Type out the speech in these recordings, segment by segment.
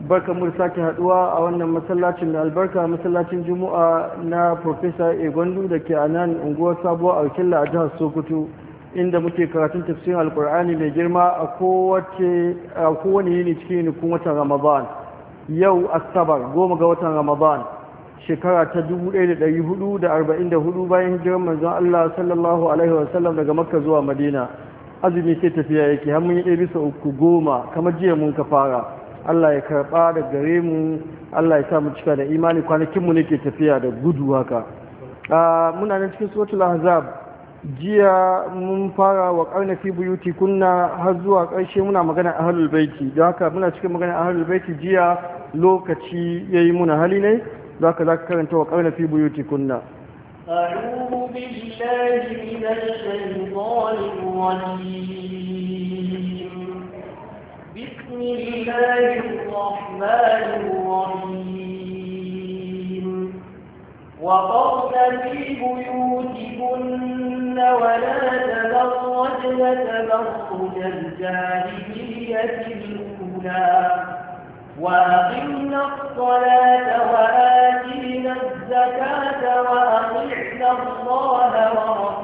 barka mu sake haduwa a wannan masallacin da albarka masallacin juma'a na professor egondu da ke a nan unguwar sabuwar alkilla a jihar sokoto inda muke karatun tafsirin alkur'ani mai girma a kowane yini cikin yinikun watan ramadan yau asabar goma ga watan ramadan shekara ta 1444 bayan hijirar manzon allah sallallahu alaihi wasallam daga makka zuwa madina azumi sai tafiya yake har mun yi ɗaya bisa uku goma kamar jiya mun ka fara Allah ya karɓa da gare mu Allah ya sa mu cika da imani kwanakin mu ke tafiya da gudu haka muna nan cikin suratul ahzab jiya mun fara wa karna fi buyuti kunna har zuwa karshe muna magana ahlul baiti don haka muna cikin magana ahlul baiti jiya lokaci yayi muna hali ne don haka karanta wa karna fi buyuti kunna أعوذ بالله من الشيطان الرجيم بسم الله الرحمن الرحيم وقرن في بيوتكن ولا تبرجن تبرج الجاهلية الأولى وأقمنا الصلاة وآتينا الزكاة وأطعنا الله ورسوله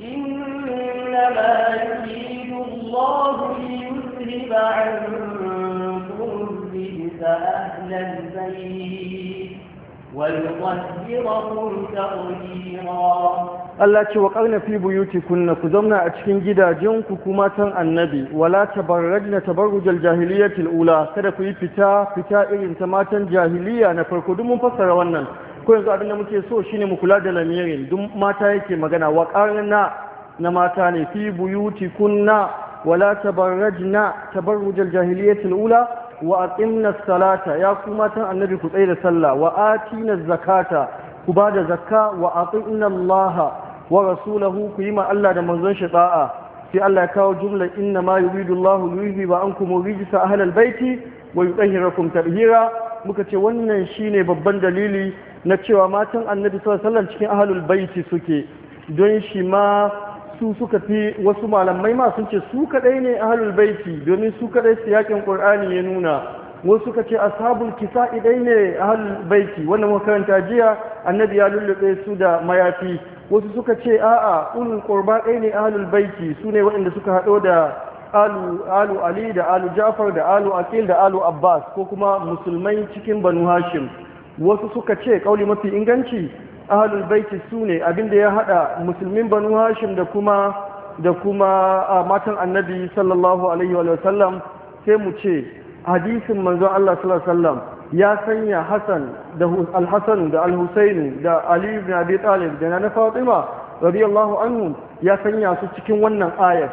إنما يريد الله ليذهب عنكم الرجس أهل البيت Allah ce wa ƙarna fi buyuti kunna ku zauna a cikin gidajenku kuma matan annabi wala tabarrajna tabarrujal jahiliyatil ula kada ku yi fita fita irin ta matan jahiliya na farko duk mun fassara wannan ko yanzu da muke so shine mu kula da lamirin duk mata yake magana wa ƙarna na mata ne fi buyuti kunna wala tabarrajna tabarrujal jahiliyatul ula wa aqimna salata ya ku matan annabi ku tsaye da sallah wa atina zakata ku ba da zakka wa allaha wa rasulahu ku yi ma Allah da manzon shi da'a sai Allah ya kawo jumla inna ma yuridu Allahu yuhi ba ankum rijsa ahlal baiti wa yutahhirakum tadhira muka ce wannan shine babban dalili na cewa matan annabi sallallahu cikin ahlul baiti suke don shi ma su suka fi wasu malamai ma sun ce su kadai ne ahlul baiti domin su kadai siyakin qur'ani ya nuna wasu suka ce ashabul kisa'i dai ne ahlul baiti wannan makaranta jiya annabi ya lullube su da mayafi wasu suka ce a'a ulul qurba dai ne ahlul baiti su ne waɗanda suka haɗo da alu alu ali da alu ja'far da alu aqil da alu abbas ko kuma musulmai cikin banu hashim wasu suka ce kauli mafi inganci ahalul baiti su ne abinda ya hada musulmin banu hashim da kuma da kuma matan annabi sallallahu alaihi wa sallam sai mu ce hadisin manzon Allah sallallahu alaihi sallam ya sanya Hassan da Al-Hassan da al husayn da Ali ibn Abi Talib da na Fatima radiyallahu anhum ya sanya su cikin wannan ayar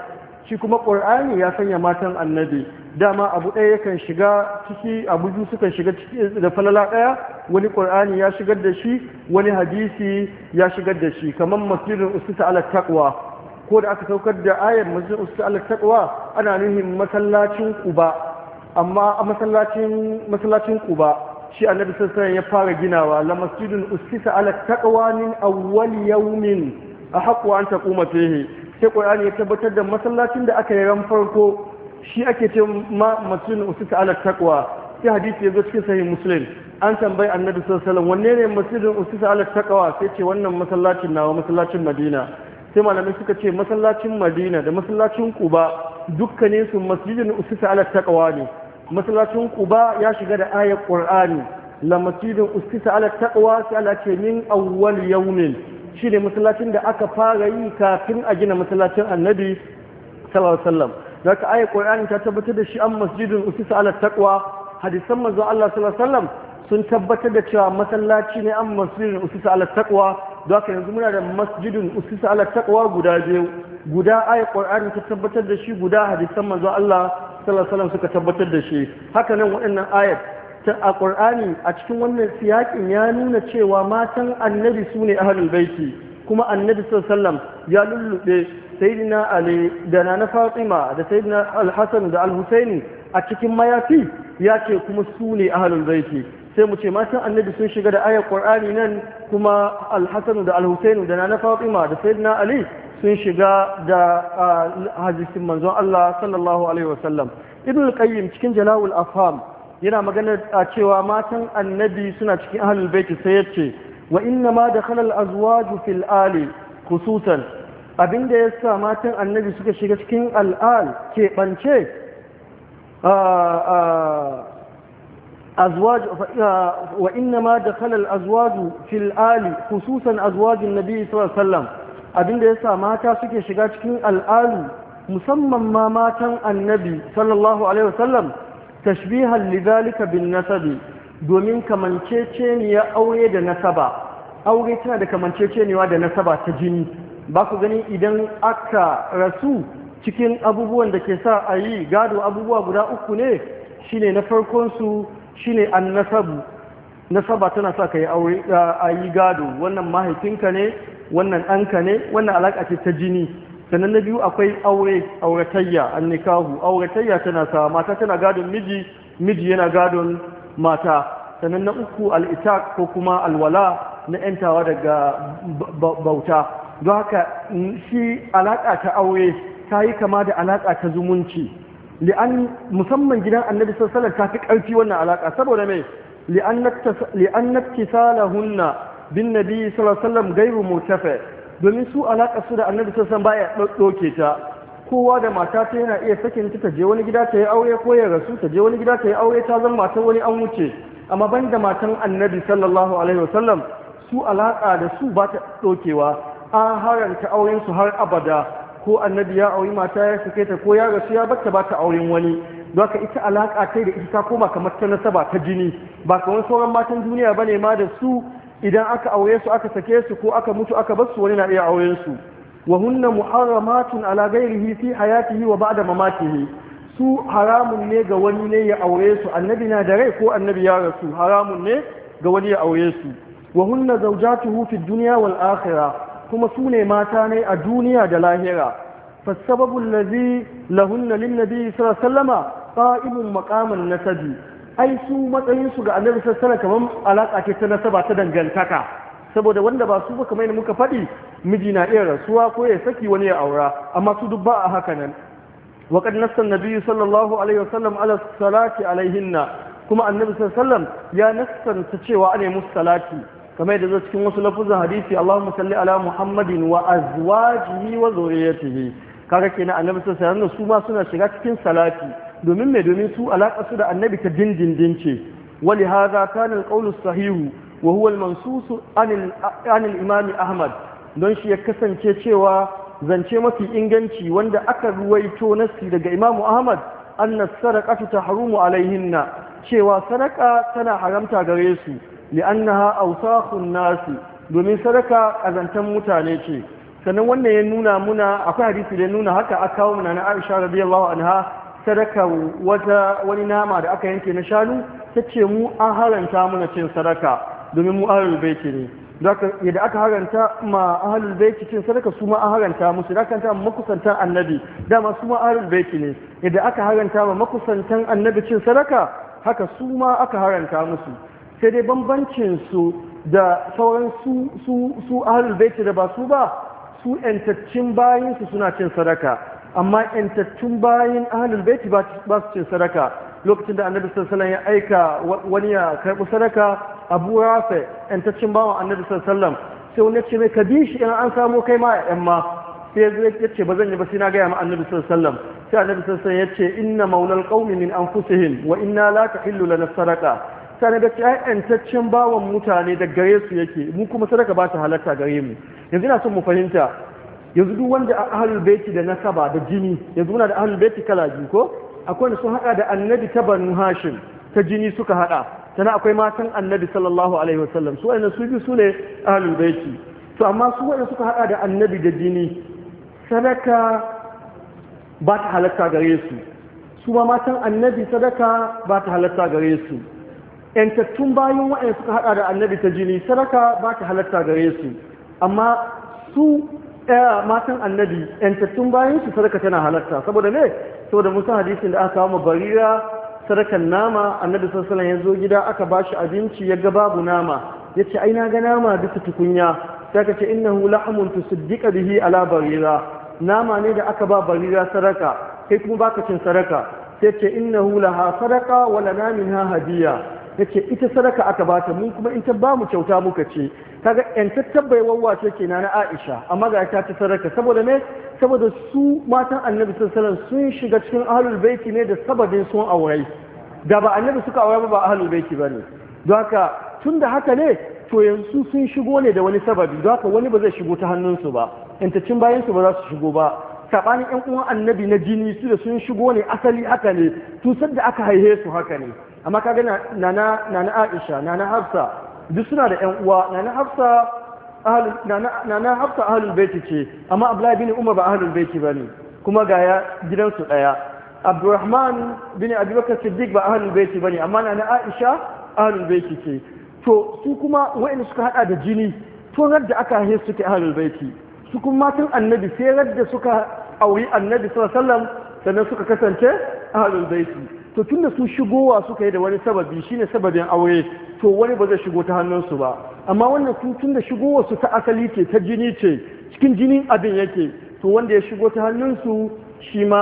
shi kuma Qur'ani ya sanya matan annabi dama abu ɗaya yakan shiga ciki abu biyu sukan shiga ciki da falala ɗaya wani ƙur'ani ya shigar da shi wani hadisi ya shigar da shi kamar masjidin Uskisa ala ko da aka saukar da ayar masjidin Uskisa ala ana nuhin masallacin quba amma a masallacin masallacin quba shi annabi sassan ya fara ginawa la masjidin Uskisa ala taqwa min awwal yawmin a an taquma fihi sai ƙur'ani ya tabbatar da masallacin da aka yi ran farko shi ake ce ma mutum usita ala takwa sai hadisi yazo cikin sahih muslim an tambayi annabi sallallahu alaihi wasallam wanne ne masjidin usisa ala takwa sai ce wannan masallacin nawa masallacin madina sai malamai suka ce masallacin madina da masallacin kuba dukkanin su masjidin usisa ala takwa ne masallacin kuba ya shiga da ayat qur'ani la masjidin usisa ala takwa sai Allah ce min awwal yawmin shine masallacin da aka fara yi kafin a gina masallacin annabi sallallahu alaihi wasallam ka ayat qur'ani ta tabbatar da shi an masjidun usisa ala taqwa hadisan manzo Allah sallallahu wasallam sun tabbatar da cewa masallaci ne an masjidun usisa ala taqwa don haka yanzu muna da masjidun usisa ala taqwa guda biyu guda ayat qur'ani ta tabbatar da shi guda hadisan manzo Allah sallallahu wasallam suka tabbatar da shi haka nan waɗannan ayat ta a qur'ani a cikin wannan siyaƙin ya nuna cewa matan annabi su ne ahlul baiti kuma annabi sallallahu alaihi wasallam ya lullube sayyidina ali da na fatima da sayyidina al-hasan da al-husaini a cikin mayafi ya ce kuma su ne ahlul baiti sai mu ce matan annabi sun shiga da ayar qur'ani nan kuma al-hasan da al-husaini da na fatima da sayyidina ali sun shiga da hadisin manzon Allah sallallahu alaihi wasallam ibn qayyim cikin jalawul afham yana magana a cewa matan annabi suna cikin ahlul baiti sai yace wa inna ma dakhala al-azwaj fil ali khususan abin da ya sa matan annabi suka shiga cikin al'al keɓance أزواج وإنما دخل الأزواج في الآل خصوصا أزواج النبي صلى الله عليه وسلم abin da yasa mata suke shiga cikin al'alu musamman ma matan annabi sallallahu alaihi wasallam tashbihan lidhalika bin nasabi domin kamanceceniya aure da nasaba aure tana da kamanceceniya da nasaba ta jini ba ku gani idan aka rasu cikin abubuwan da ke sa a yi gado abubuwa guda uku ne Shi ne na farkonsu ne an nasabu nasaba tana sa ka yi a yi gado wannan mahaifinka ne wannan ɗanka ne wannan alaƙa ce ta jini sannan na biyu akwai aure auratayya an nikahu auratayya tana sa mata tana gadon miji miji yana gadon mata sannan na uku al'itaq ko kuma alwala na ‘yantawa daga bauta don haka mm, shi alaƙa ta aure ta yi kama da alaƙa ta zumunci li'an musamman gidan annabi sallallahu ta fi ƙarfi wannan alaƙa saboda mai li'an hunna bin nabi sallallahu gairu mutafa domin su alaƙa su da annabi sassan baya ɗauke ta kowa da mata ta yana iya sakin ta je wani gida ta yi aure ko ya rasu ta je wani gida ta yi aure ta zama matar wani an wuce amma ban da matan annabi sallallahu alaihi wasallam su alaƙa da su ba ta ɗaukewa an haranta auren har abada ko annabi ya auri mata ya sake ta ko ya rasu ya bata ba ta auren wani don ka ita alaka ta da ita ta koma kamar ta nasaba ta jini ba kamar sauran matan duniya ba ne ma da su idan aka aure su aka sake su ko aka mutu aka bar su wani na iya auren su wa hunna muharramatun ala ghairihi fi hayatihi wa ba'da mamatihi su haramun ne ga wani ne ya aure su annabi na da rai ko annabi ya rasu haramun ne ga wani ya aure su wa hunna zawjatuhu fi dunya wal akhirah kuma su ne mata ne a duniya da lahira fasababul ladhi lahunna lin nabi sallallahu alaihi maqaman nasabi ai su matsayin su ga annabi sallallahu kamar alaka ce ta nasaba ta dangantaka saboda wanda ba su ba kamar yadda muka faɗi miji na iya rasuwa ko ya saki wani ya aura amma su duk ba a haka nan wa qad nassa an-nabi sallallahu alaihi wasallam ala salati alaihinna kuma annabi sallallahu ya nassanta cewa ana musu salati kamar da zo cikin wasu lafuzan hadisi Allahumma salli ala Muhammadin wa azwajihi wa zuriyatihi kaga kenan annabi sallallahu alaihi wasallam su ma suna shiga cikin salati domin me domin su alaka su da annabi ta dindindin ce wali hadha kana alqawlu sahihu wa huwa almansus an al-imam Ahmad don shi ya kasance cewa zance mafi inganci wanda aka ruwaito nasi daga Imam Ahmad annas sadaqatu tahrumu alaihinna cewa sadaka tana haramta gare su li'annaha awsakhun nasi domin sadaka kazantan mutane ce sannan wannan ya nuna muna akwai hadisi da ya nuna haka aka kawo muna na Aisha radiyallahu anha sadaka wata wani nama da aka yanke na shanu tace mu an haranta muna cin sadaka domin mu ahlul baiti ne zaka yadda aka haranta ma ahlul baiti cin sadaka su ma an haranta musu zaka ta makusantan annabi dama su ma ahlul baiti ne yadda aka haranta ma makusantan annabi cin sadaka haka su ma aka haranta musu sai dai bambancin da sauran su su su ahlul baiti da ba su ba su ƴantattun bayin su suna cin sadaka amma ƴantattun bayin ahlul baiti ba su cin sadaka lokacin da annabi sallallahu ya aika wani ya karɓi sadaka abu rafa ƴantaccen bawan annabi sallallahu alaihi sai wani ya ce mai ka bi shi an samo kai ma ƴan ma sai ya ce ba zan yi ba sai na gaya ma annabi sallallahu sai annabi sallallahu ya ce inna maulal qaumi min anfusihim wa inna la tahillu lana sadaqa mutane da ai yantaccen bawan mutane da gare su yake mu kuma sadaka ba ta halatta gare mu yanzu ina son mu fahimta yanzu duk wanda a ahlul baiti da nasaba da jini yanzu muna da ahlul baiti kala biyu ko akwai wanda sun hada da annabi ta banu hashim ta jini suka hada tana akwai matan annabi sallallahu alaihi wasallam su wanda su biyu su ne ahlul baiti to amma su wanda suka hada da annabi da jini sadaka ba ta halatta gare su su ma matan annabi sadaka ba ta halatta gare su yantattun bayan waɗanda suka haɗa da annabi ta jini sadaka ba ta halatta gare su amma su matan annabi yantattun bayan su sadaka tana halatta saboda ne saboda musa hadisin da aka kawo barira sadakan nama annabi sassalan ya zo gida aka ba shi abinci ya ga babu nama ya ce ai na ga nama duka tukunya sai ka ce innahu lahmun tusaddiqa bihi ala barira nama ne da aka ba barira sadaka kai kuma baka cin sadaka sai ce hula ha sadaka wala lana ha hadiya yace ita sadaka aka bata mun kuma in ta bamu kyauta muka ce kaga yan tattabbai wawwace kenan na Aisha amma ga ta ta sadaka saboda ne saboda su matan Annabi sallallahu sun shiga cikin ahalul baiti ne da sababin sun aure da ba Annabi suka aure ba ba ahlul ba ne don haka da haka ne to yanzu sun shigo ne da wani sababi don haka wani ba zai shigo ta hannunsu ba yantacin bayansu ba za su shigo ba saɓanin 'yan uwan annabi na jini su da sun shigo ne asali haka ne tusar da aka haihe su haka ne amma kaga nana nana Aisha nana Hafsa duk suna da ƴan uwa nana Hafsa ahlul nana Hafsa ahlul baiti ce amma Abdullahi bin Umar ba ahlul baiti bane kuma ga ya gidansu daya Abdurrahman bin Abi Bakar Siddiq ba ahlul baiti bane amma nana Aisha ahlul baiti ce to su kuma wa'in suka hada da jini nan da aka haihe suke ahlul baiti su kuma matan annabi sai radda suka auri annabi sallallahu alaihi wasallam sannan suka kasance ahlul baiti to tunda su shigowa suka yi da wani sababi shine sababin aure to wani ba zai shigo ta hannunsu ba amma wannan sun tunda shigowa su ta asali ce ta jini ce cikin jinin abin yake to wanda ya shigo ta hannunsu shi ma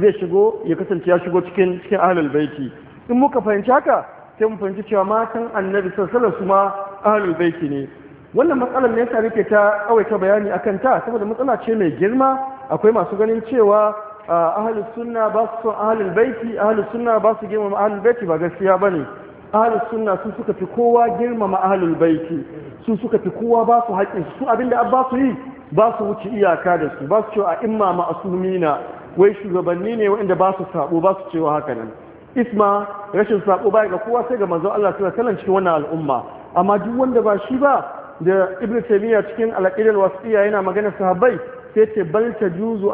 zai shigo ya kasance ya shigo cikin cikin ahlul baiti in muka fahimci haka sai mu fahimci cewa matan annabi sallallahu alaihi wasallam ma ahlul baiti ne wannan matsalar ne yasa nake ta ta bayani akan ta saboda matsala ce mai girma akwai masu ganin cewa ahalus sunna ba su son ahalul baiti ahalus sunna ba su girmama ahalul baiti ba gaskiya ne ahalus sunna su suka fi kowa girmama ahalul baiti su suka fi kowa ba su haƙƙin su abinda abba su yi ba su wuce iyaka da su ba su cewa a imma ma'asumina wai shugabanni ne waɗanda ba su sabo ba su cewa haka nan isma rashin sabo ba ga kowa sai ga manzo Allah sallallahu alaihi cikin wannan al'umma amma duk wanda ba shi ba da ibnu taymiya cikin al-aqidal wasiya yana magana sahabbai sai ce bal ta juzu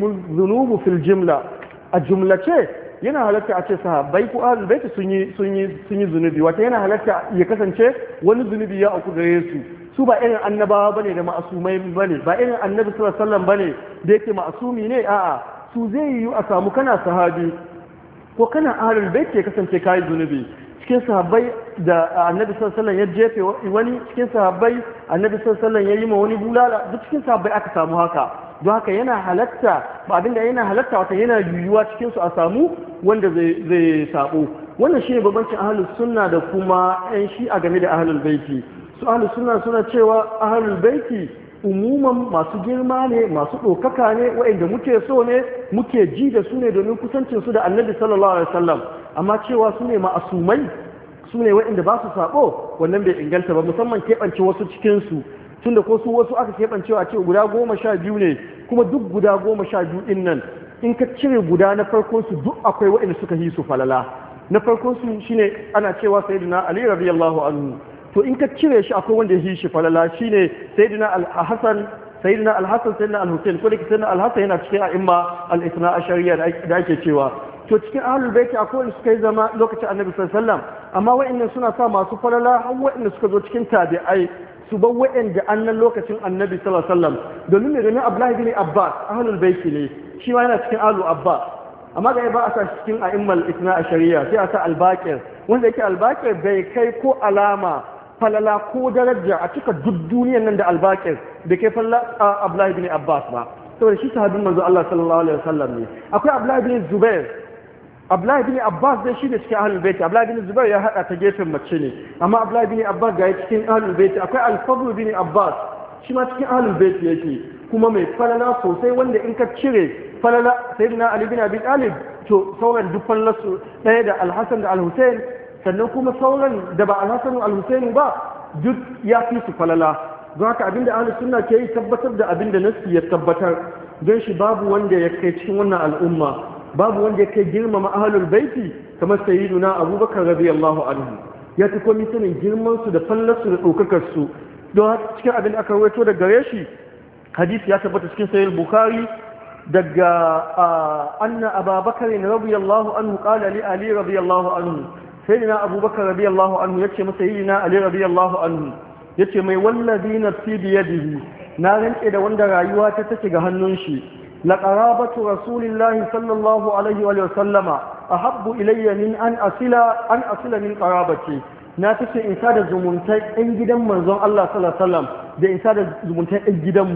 mun zunubu fil jimla a jumlace yana halatta a ce sahabbai ko ahlul bait sun yi sun yi zunubi wata yana halatta ya kasance wani zunubi ya auku gare su su ba irin annabawa bane da ma'asumai bane ba irin annabi sallallahu alaihi wasallam bane da yake ma'asumi ne a'a su zai yiwu a samu kana sahabi ko kana ahlul bait ke kasance kai zunubi cikin sahabbai da annabi sallallahu ya jefe wani cikin sahabbai annabi sallallahu ya yi ma wani bulala duk cikin sahabbai aka samu haka don haka yana halatta ba abinda yana halatta wata yana yiwuwa cikin su a samu wanda zai sabo wannan shine babancin ahlus sunna da kuma shi a game da ahlul baiti su ahlus sunna suna cewa ahlul baiti umuman masu girma ne masu ɗaukaka ne waɗanda muke so ne muke ji da su ne domin kusancin su da annabi sallallahu alaihi wasallam amma cewa su ne ma'asumai su ne waɗanda ba su sabo wannan bai inganta ba musamman keɓance wasu cikinsu tun da ko su wasu aka keɓancewa ce guda goma sha biyu ne kuma duk guda goma sha biyu ɗin nan in ka cire guda na farkon su duk akwai waɗanda suka yi su falala na farkon su shine ana cewa sayyidina ali radiyallahu anhu to in ka cire shi akwai wanda ya yi shi falala shine sayyidina al-hasan sayyidina al-hasan sayyidina al husain ko da sayyidina al-hasan yana cikin a'imma al-ithna ashariyya da ake cewa to cikin ahlul baiti akwai wanda suka yi zama lokacin annabi sallallahu alaihi wasallam amma wa'annan suna sa masu falala har wa'anda suka zo cikin tabi'ai su bar wa'anda annan lokacin annabi sallallahu alaihi wasallam domin ne domin abdullahi bin abbas ahlul baiti ne shi ma yana cikin ahalul abbas amma ga ba a sa cikin a'immal isna a shari'a sai a sa albaqir wanda yake albaqir bai kai ko alama falala ko daraja a cika duk duniyar nan da albaqir bai kai falala abdullahi bin abbas ba saboda shi sahabin manzo Allah sallallahu alaihi wasallam ne akwai abdullahi bin zubair abdullahi bin abbas dai shi ne cikin ahlul Bait abdullahi bin zubair ya hada ta gefen mace ne amma abdullahi bin abbas ga cikin ahlul Bait akwai al-fadl bin abbas shi ma cikin ahlul Bait yake kuma mai falala sosai wanda in ka cire falala sayyidina ali bin abi talib to sauran duk falalarsu ɗaya da al-hasan da al hussein sannan kuma sauran da ba al-hasan al hussein ba duk ya fi su falala don haka abinda ahlus sunna ke yi tabbatar da abinda nasu ya tabbatar don shi babu wanda ya kai cikin wannan al'umma babu wanda ya kai girmama ahlul baiti kamar sayyiduna abubakar radiyallahu anhu ya fi komi sanin girman su da fallarsu da ɗaukakar su don cikin abin da aka rawaito da gare shi hadisi ya tabbata cikin Sayyid bukhari daga anna ababakar radiyallahu anhu qala li ali radiyallahu anhu sayyidina abubakar radiyallahu anhu yace masa sayyidina ali radiyallahu anhu yace mai wallazi nafsi biyadihi na rantse da wanda rayuwa ta take ga hannun shi لقرابة رسول الله صلى الله عليه وآله وسلم أحب إلي من أن أصل أن أصل من قرابتي ناتس إنسان زمنتي إن جدا من زم الله صلى الله عليه وسلم ده إنسان زمنتي إن جدا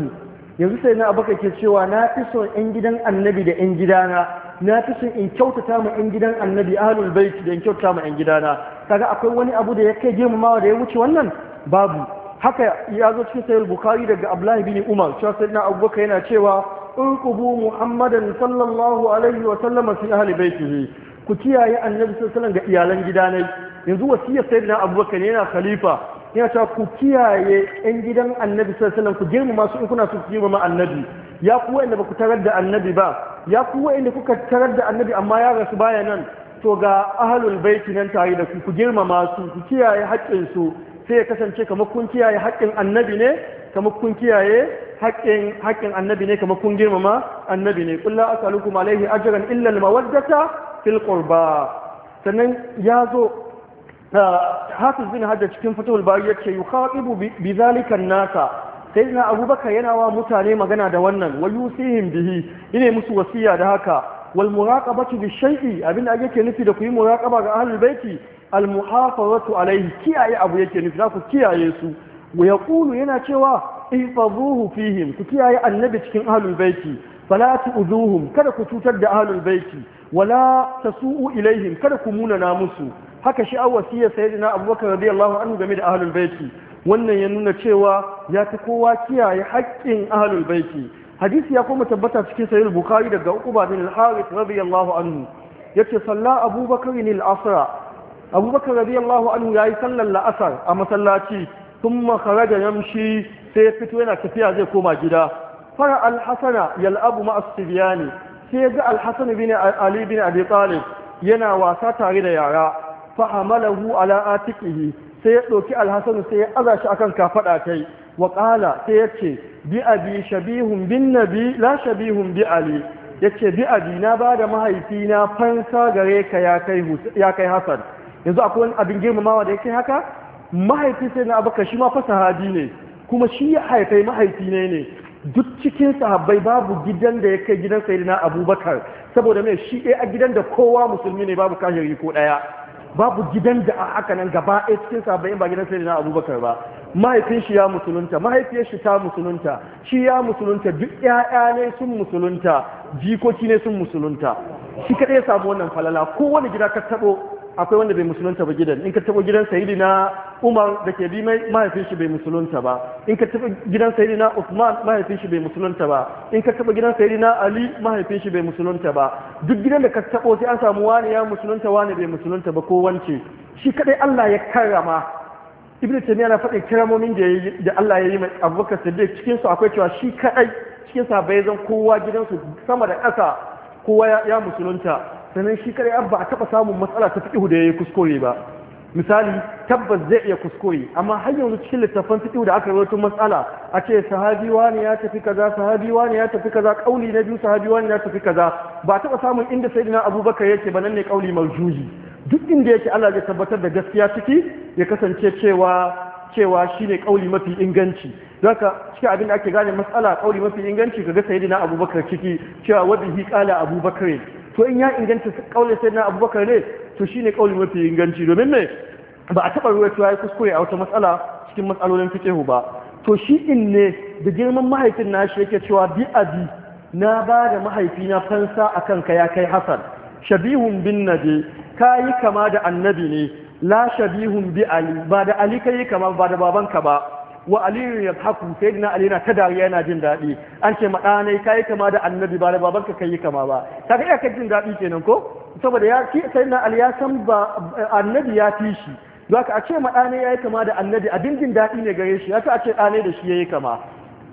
yanzu sai na abaka ke cewa na fi son 'yan gidan annabi da 'yan gidana na fi son in kyautata ma 'yan gidan annabi ahlul bait da in kyautata ma 'yan gidana kaga akwai wani abu da ya kai girmamawa da ya wuce wannan babu haka ya zo cikin sayar Bukhari daga abdullahi bin umar cewa sai na abubakar yana cewa unqubu muhammadan sallallahu alaihi wa sallam fi ahli baitihi ku kiyaye annabi sallallahu ga iyalan gida ne yanzu wasiyar sayyidina abubakar yana khalifa yana ta ku kiyaye yan gidan annabi sallallahu ku girmama su in kuna so ku girmama annabi ya ku wanda ba ku tarar da annabi ba ya ku wanda kuka tarar da annabi amma ya rasu baya nan to ga ahlul baiti nan tare da ku ku girmama su ku kiyaye haƙƙin su sai ya kasance kamar kun kiyaye haƙƙin annabi ne kamar kun kiyaye haƙƙin annabi ne kamar kun girmama annabi ne kulla asalukum alaihi ajiyar illa almawaddata fil qurba sannan ya zo hafiz bin hajja cikin fatul bari yace yukhatibu bi zalika nasa sayyidina abubakar yana wa mutane magana da wannan wayu sihin bihi ine musu wasiya da haka wal muraqabatu bi shay'i abin da yake nufi da ku yi muraqaba ga ahlul baiti al muhafazatu alaihi kiyaye abu yake nufi ku kiyaye su wa yaqulu yana cewa ifazuhu fihim ku kiyaye annabi cikin ahlul baiti fala tu'zuhum kada ku cutar da ahlul baiti wala tasu'u ilaihim kada ku munana musu haka shi awasiya sayyidina abubakar radiyallahu anhu game da ahlul baiti wannan ya nuna cewa ya ta kowa kiyaye haƙƙin ahlul baiti hadisi ya kuma tabbata cikin sahih bukhari daga uqba bin al-harith radiyallahu anhu yace salla abubakar bin al-asra abubakar radiyallahu anhu yayi sallar la'asar a masallaci thumma kharaja yamshi sai ya fito yana tafiya zai koma gida fara alhasana yal'abu ma'a sibiyani sai ga alhassan bin ali bin abi talib yana wasa tare da yara fa hamalahu ala atiqihi sai ya ɗauki alhasanu sai ya aza shi akan kafaɗa kai wa qala sai ya ce bi abi shabihun bin nabi la shabihun bi ali yace bi abi na bada mahaifina fansa gare ka ya kai ya kai hasan yanzu akwai wani abin girmamawa da yake haka mahaifi sai na abaka shi ma fa ne kuma shi ya haifai mahaifi ne ne duk cikin sahabbai babu gidan da ya kai gidan sayyidina abubakar saboda mai shi a gidan da kowa musulmi ne babu kashiri ko daya babu gidan da a haka nan gaba a cikin sahabbai ba gidan sayyidina abubakar ba mahaifin shi ya musulunta mahaifiyar shi ta musulunta shi ya musulunta duk ƴaƴa ne sun musulunta jikoki ne sun musulunta shi kaɗai ya samu wannan falala ko wani gida ka taɓo akwai wanda bai musulunta ba gidan in ka taɓo gidan sayidina umar da ke bi mahaifin shi bai musulunta ba in ka taɓa gidan na usman mahaifin shi bai musulunta ba in ka taɓa gidan na ali mahaifin shi bai musulunta ba duk gidan da ka taba sai an samu wani ya musulunta wani bai musulunta ba ko wance shi kadai Allah ya karrama ibn taymiya na faɗi kiramomin da da Allah ya yi mai abubakar siddiq cikin su akwai cewa shi kadai cikin bai zan kowa gidansu sama da ƙasa kowa ya musulunta sannan shi kadai abba a taɓa samun matsala ta fiqhu da yayi kuskure ba misali tabbas zai iya kuskure amma har yanzu cikin littafan fiqh da aka rawaito matsala a ce sahabi wani ya tafi kaza sahabi wani ya tafi kaza kauli na biyu sahabi wani ya tafi kaza ba taba samun inda sayyidina abubakar yake ba nan ne kauli marjuji? duk inda yake Allah zai tabbatar da gaskiya ciki ya kasance cewa cewa shine kauli mafi inganci zaka cikin abin da ake gane matsala kauli mafi inganci kaga sayyidina abubakar ciki cewa wadi hi qala abubakar to in ya inganta kaulin sayyidina abubakar ne to shi ne kauli mafi inganci domin me ba a taɓa ruwa cewa ya kuskure a wata matsala cikin matsalolin fiqhu ba to shi in ne da girman mahaifin nashi yake cewa bi bi na ba da mahaifina fansa akan ka ya kai hasan shabihun bin ka yi kama da annabi ne la shabihun bi ali ba da ali ka yi kama ba da babanka ba wa aliyu ya haku sai dina ali na ta dariya yana jin daɗi an ce maɗanai ka yi kama da annabi ba da babanka ka yi kama ba ta iya kai jin daɗi kenan ko saboda ya sai na ali ya san ba annabi ya fi shi zaka a ce maɗanai ya yi kama da annabi abin jin daɗi ne gare shi yasa a ce ɗanai da shi ya yi kama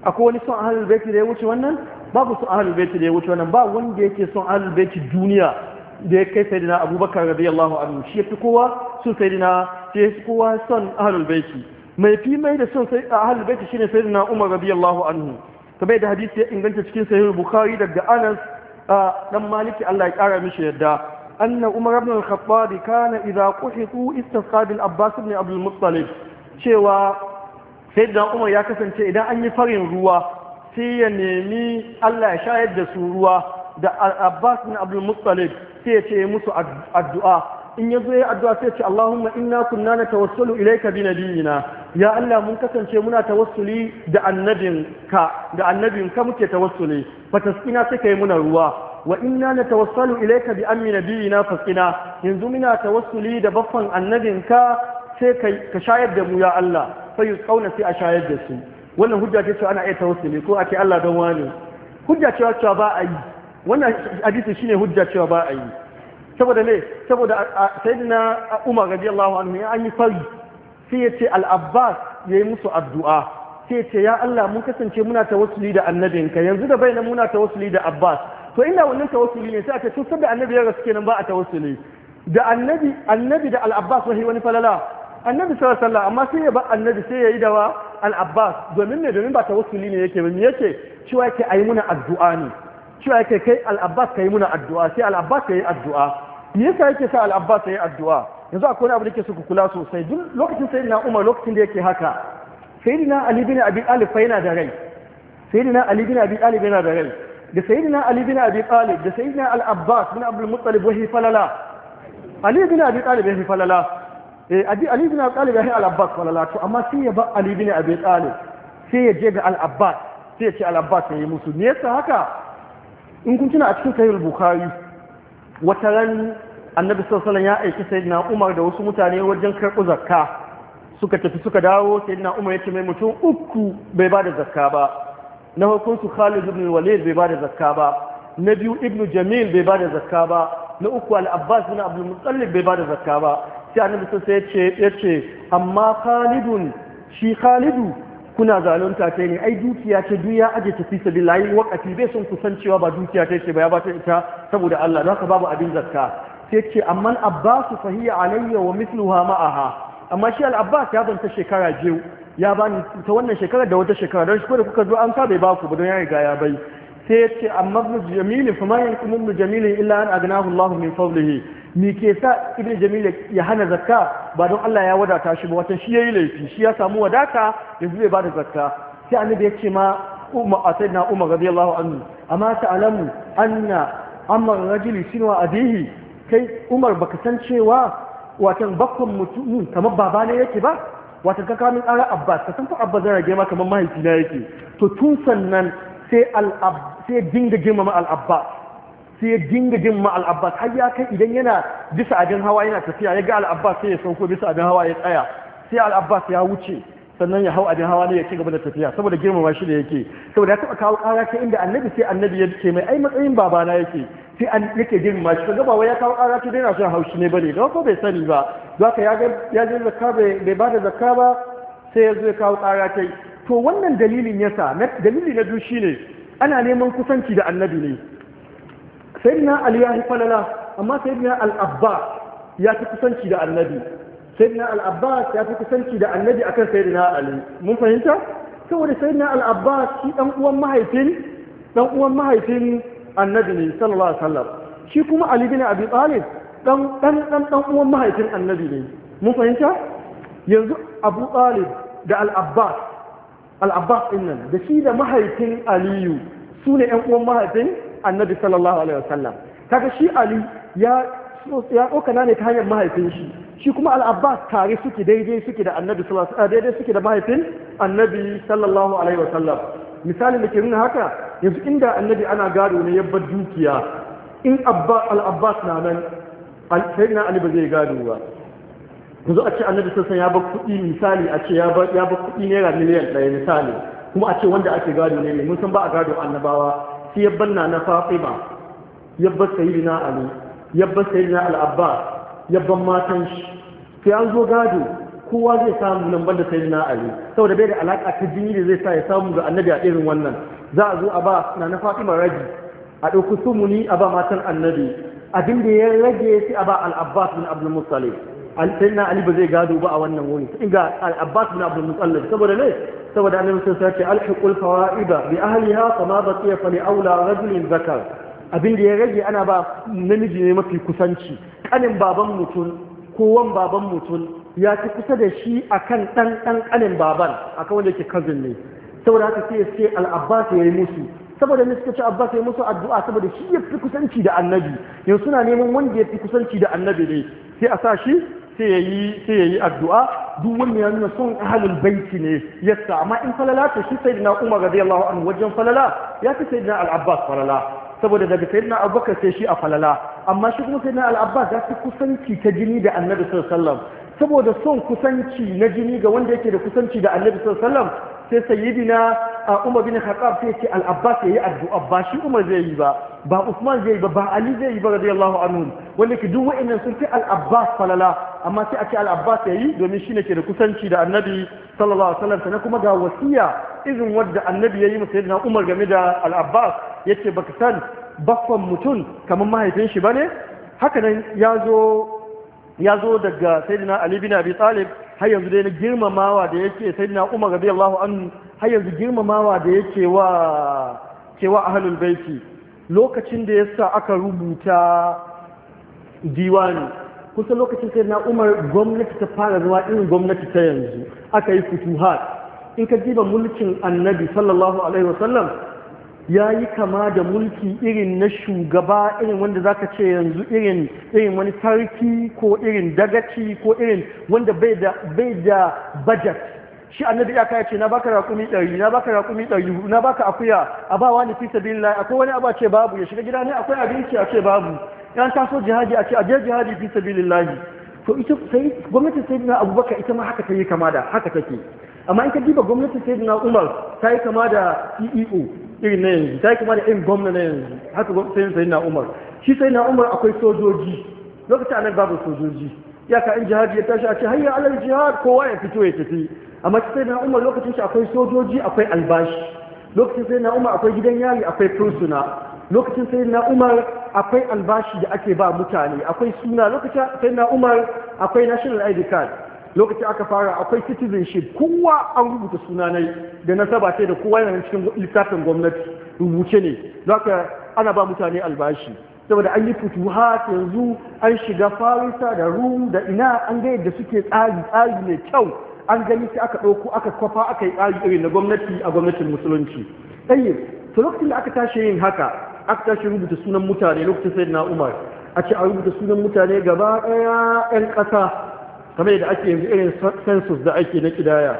akwai wani son ahalul baiti da ya wuce wannan babu son ahalul baiti da ya wuce wannan ba wanda yake son ahalul baiti duniya da ya kai sayyidina abubakar radiyallahu anhu shi yafi kowa sun sayyidina shi yafi kowa son ahalul baiti mai fi mai da son sai a halin baiti shine na Umar radiyallahu anhu kamar da hadisi ya inganta cikin sahih Bukhari daga Anas dan Maliki Allah ya kara mishi yadda anna Umar ibn al-Khattab kana idza quhitu istasqa bil Abbas ibn Abdul Muttalib cewa da Umar ya kasance idan an yi farin ruwa sai ya nemi Allah ya shayar da su ruwa da Abbas ibn Abdul Muttalib sai ya ce musu addu'a in ya zo ya addu'a sai ce Allahumma inna kunna natawassalu ilayka bi nabiyyina ya Allah mun kasance muna tawassuli da annabin ka, da annabin ka muke tawassuli fatasqina sai kai muna ruwa wa inna natawassalu ilayka bi ammi nabiyyina fasqina yanzu muna tawassuli da baffan ka, sai ka shayar da mu ya Allah fa yusqauna sai a shayar da su wannan hujja ce ana iya tawassuli ko ake Allah don wani hujja cewa ba a yi wannan hadisi shine hujja cewa ba a yi saboda ne, saboda sayyidina Umar radiyallahu anhu ya an yi fari sai ya ce al-Abbas yayi musu addu'a sai ya ce ya Allah mun kasance muna tawassuli da annabinka yanzu da bayyana muna tawassuli da Abbas to ina wannan tawassuli ne sai aka ce tun da annabi ya rasu kenan ba a tawassuli da annabi annabi da al-Abbas wai wani falala annabi sallallahu alaihi wasallam amma sai ya ba annabi sai ya yi dawa al-Abbas domin ne domin ba tawassuli ne yake ba me yake cewa yake ayi muna addu'a ne cewa yake kai al'abbas abbas kai muna addu'a sai al'abbas abbas kai addu'a me yasa yake sa al-abbas yayi addu'a yanzu akwai abu da yake ku kula sosai duk lokacin na umar lokacin da yake haka sayyidina ali bin abi talib fa yana da rai sayyidina ali bin abi talib yana da rai da sayyidina ali bin abi talib da sayyidina al-abbas bin abdul muttalib wahi falala ali bin abi talib yahi falala eh ali bin abi talib yahi al-abbas falala to amma sai ya ba ali bin abi talib sai ya je ga al-abbas sai ya ce al-abbas yayi musu me yasa haka in kun tuna a cikin sahih al-bukhari wata annabi sallallahu ya aiki na umar da wasu mutane wajen karɓi zakka suka tafi suka dawo na umar ya ce mai mutum uku bai ba da zakka ba na hukunsu khalid ibn walid bai ba da zakka ba na biyu ibnu jamil bai ba da zakka ba na uku al-abbas ibn abdul bai ba da zakka ba sai annabi sallallahu ya ce amma khalidun shi khalidu kuna zalunta ta ne ai dukiya ce duniya aje ta fi sabilillahi wakati bai son kusancewa ba dukiya ta ce ba ya bata ita saboda Allah don haka babu abin zakka sai ce amma abbasu a alayya wa mithluha ma'aha amma shi al-abbas ya banta shekara biyu ya bani ta wannan shekara da wata shekara don shi da kuka zo an ka bai baku ba don ya riga ya bai sai ya ce amma ibn jamil fa ma yankum ibn jamil illa an agnahu Allah min fadlihi Ni ke sa ibn jamil ya hana zakka ba don Allah ya wadata shi ba wata shi yayi laifi shi ya samu wadata yanzu zai bada zakka sai annabi ya ce ma umma asaidna umar radiyallahu anhu amma ta'lamu anna amma rajuli sinwa adihi kai umar baka san cewa watan bakon mutum kamar baba ne yake ba watan ka min ara abbas ka san fa abba zan rage ma kamar na yake to tun sannan sai sai dinga girmama al'abbas sai dinga girmama al'abbas har ya kai idan yana bisa abin hawa yana tafiya ya ga al'abbas sai ya sauko bisa abin hawa ya tsaya sai al'abbas ya wuce sannan ya hau abin hawa ne ya ci gaba da tafiya saboda girmama shi da yake saboda ya taɓa kawo ƙara ta inda annabi sai annabi ya ce mai ai matsayin babana yake sai an yake girmama shi kaga ba ya kawo ƙara ta yana son haushi ne bane ga ko bai sani ba zaka ya ga ya je zakka bai ba da zakka ba sai ya zo kawo ƙara ta to wannan dalilin yasa dalili na dushi ne ana neman kusanci da annabi ne sayyidina ali ya falala amma sayyidina al-abba ya fi kusanci da annabi sayyidina al-abbas ya fi kusanci da annabi akan sayyidina ali mun fahimta saboda sayyidina al-abbas shi dan uwan mahaifin dan uwan mahaifin annabi ne sallallahu alaihi wasallam shi kuma ali bin abi talib dan dan dan dan uwan mahaifin annabi ne mun fahimta yanzu abu talib da al-abbas al-abbas dinnan da shi da mahaifin aliyu su ne yan uwan mahaifin annabi sallallahu alaihi wasallam kaga shi ali ya ya ɗauka ne ta hanyar mahaifin shi shi kuma Al'abbas tare suke daidai suke da annabi sallallahu alaihi wasallam daidai suke da mahaifin annabi sallallahu alaihi wasallam misalin da ke nuna haka yanzu inda annabi ana gado ne yabbar dukiya in al-abbas na nan sayyidina ali ba zai gado ba yanzu a ce annabi Sassan ya bar kuɗi misali a ce ya bar kuɗi naira miliyan ɗaya misali kuma a ce wanda ake gado ne mun san ba a gado annabawa sai yabban na na fatima yabbar sayyidina ali yabbar sayyidina al yabban matan shi sai an zo gado kowa zai samu nan banda sai na ali saboda bai da alaka ta jini da zai sa ya samu ga annabi a irin wannan za a zo a ba na na fatima raji a ɗauki sumuni a ba matan annabi abin da ya rage sai a ba al-abbas bin abdul muttalib sayyidina ali ba zai gado ba a wannan wuri sai ga al-abbas bin abdul muttalib saboda ne saboda annabi sun sace alhiqul fawaida bi ahliha kama baqiya fa li aula rajulin zakar abin da ya rage ana ba namiji ne mafi kusanci kanin baban mutum kowan baban mutum ya ci kusa da shi a kan ɗan ɗan kanin baban a akan wanda yake kazin ne saboda haka sai sai al-abbas ya yi musu saboda ne suka ci abbas ya musu addu'a saboda shi ya fi kusanci da annabi yanzu suna neman wanda ya fi kusanci da annabi ne sai a sa shi sai ya yi addu'a duk wanda ya nuna son ahalin baiti ne yasa amma in falala ta shi sai na umar radiyallahu anhu wajen falala ya fi sai na falala saboda daga sayyidina abubakar sai shi a falala amma shi kuma sayyidina al-abbas ya fi kusanci ta jini da annabi sallallahu alaihi wasallam saboda son kusanci na jini ga wanda yake da kusanci da annabi sallallahu alaihi wasallam sai sayyidina umar bin khattab sai ce al-abbas yi addu'a ba shi umar zai yi ba ba usman zai yi ba ba ali zai yi ba radiyallahu anhu wanda ke duk wa'annan sun fi al-abbas falala amma sai a ce al'abbas ya yi domin shi ne ke da kusanci da annabi sallallahu alaihi wasallam sannan kuma ga wasiya izin wadda annabi yi masa sayyidina umar game da alabbas abbas yace baka san baffan mutum kamar mahaifin shi bane haka nan ya zo daga sayyidina ali bin abi talib har yanzu dai na girmamawa da ya ce sai na umar Allah anhu har yanzu girmamawa da ce wa cewa ahlul baiti lokacin da ya sa aka rubuta diwani kusa lokacin sai na umar gwamnati ta fara zuwa irin gwamnati ta yanzu aka yi futuhat in ka jiba mulkin annabi sallallahu alaihi wasallam ya yi kama da mulki irin na shugaba irin wanda za ka ce yanzu irin irin wani sarki ko irin dagaci ko irin wanda bai da bai budget shi annabi ya kai ce na baka raƙumi ɗari na baka raƙumi ɗari na baka akuya a ba wani fi lai akwai wani abu a ce babu ya shiga gida ne akwai abinci a ce babu yan taso jihadi a ce a je jihadi fi lai to ita sai gwamnatin na abubakar ita ma haka ta yi kama da haka take amma in ka diba gwamnatin sai na umar ta yi kama da ceo irin na yanzu ta yi kama da irin gwamna na yanzu haka sai sai na umar shi sai na umar akwai sojoji lokacin anan babu sojoji iyaka in jihadi ya tashi a ce hanyar alar jihar kowa ya fito ya tafi amma sai na umar lokacin shi akwai sojoji akwai albashi lokacin sai na umar akwai gidan yari akwai fursuna lokacin sai na umar akwai albashi da ake ba mutane akwai suna lokacin sai na umar akwai national id card lokaci aka fara akwai citizenship kowa an rubuta sunanai da nasaba ce da kowa yana cikin littafin gwamnati rubuce ne zaka ana ba mutane albashi saboda an yi futuhat yanzu an shiga farisa da rum da ina an ga yadda suke tsari tsari mai kyau an gani sai aka ɗauko aka kwafa aka yi tsari irin na gwamnati a gwamnatin musulunci ɗaya to lokacin da aka tashi yin haka aka tashi rubuta sunan mutane lokacin sai na umar a ce a rubuta sunan mutane gaba ɗaya 'yan ƙasa kamar yadda ake yanzu irin census da ake na kidaya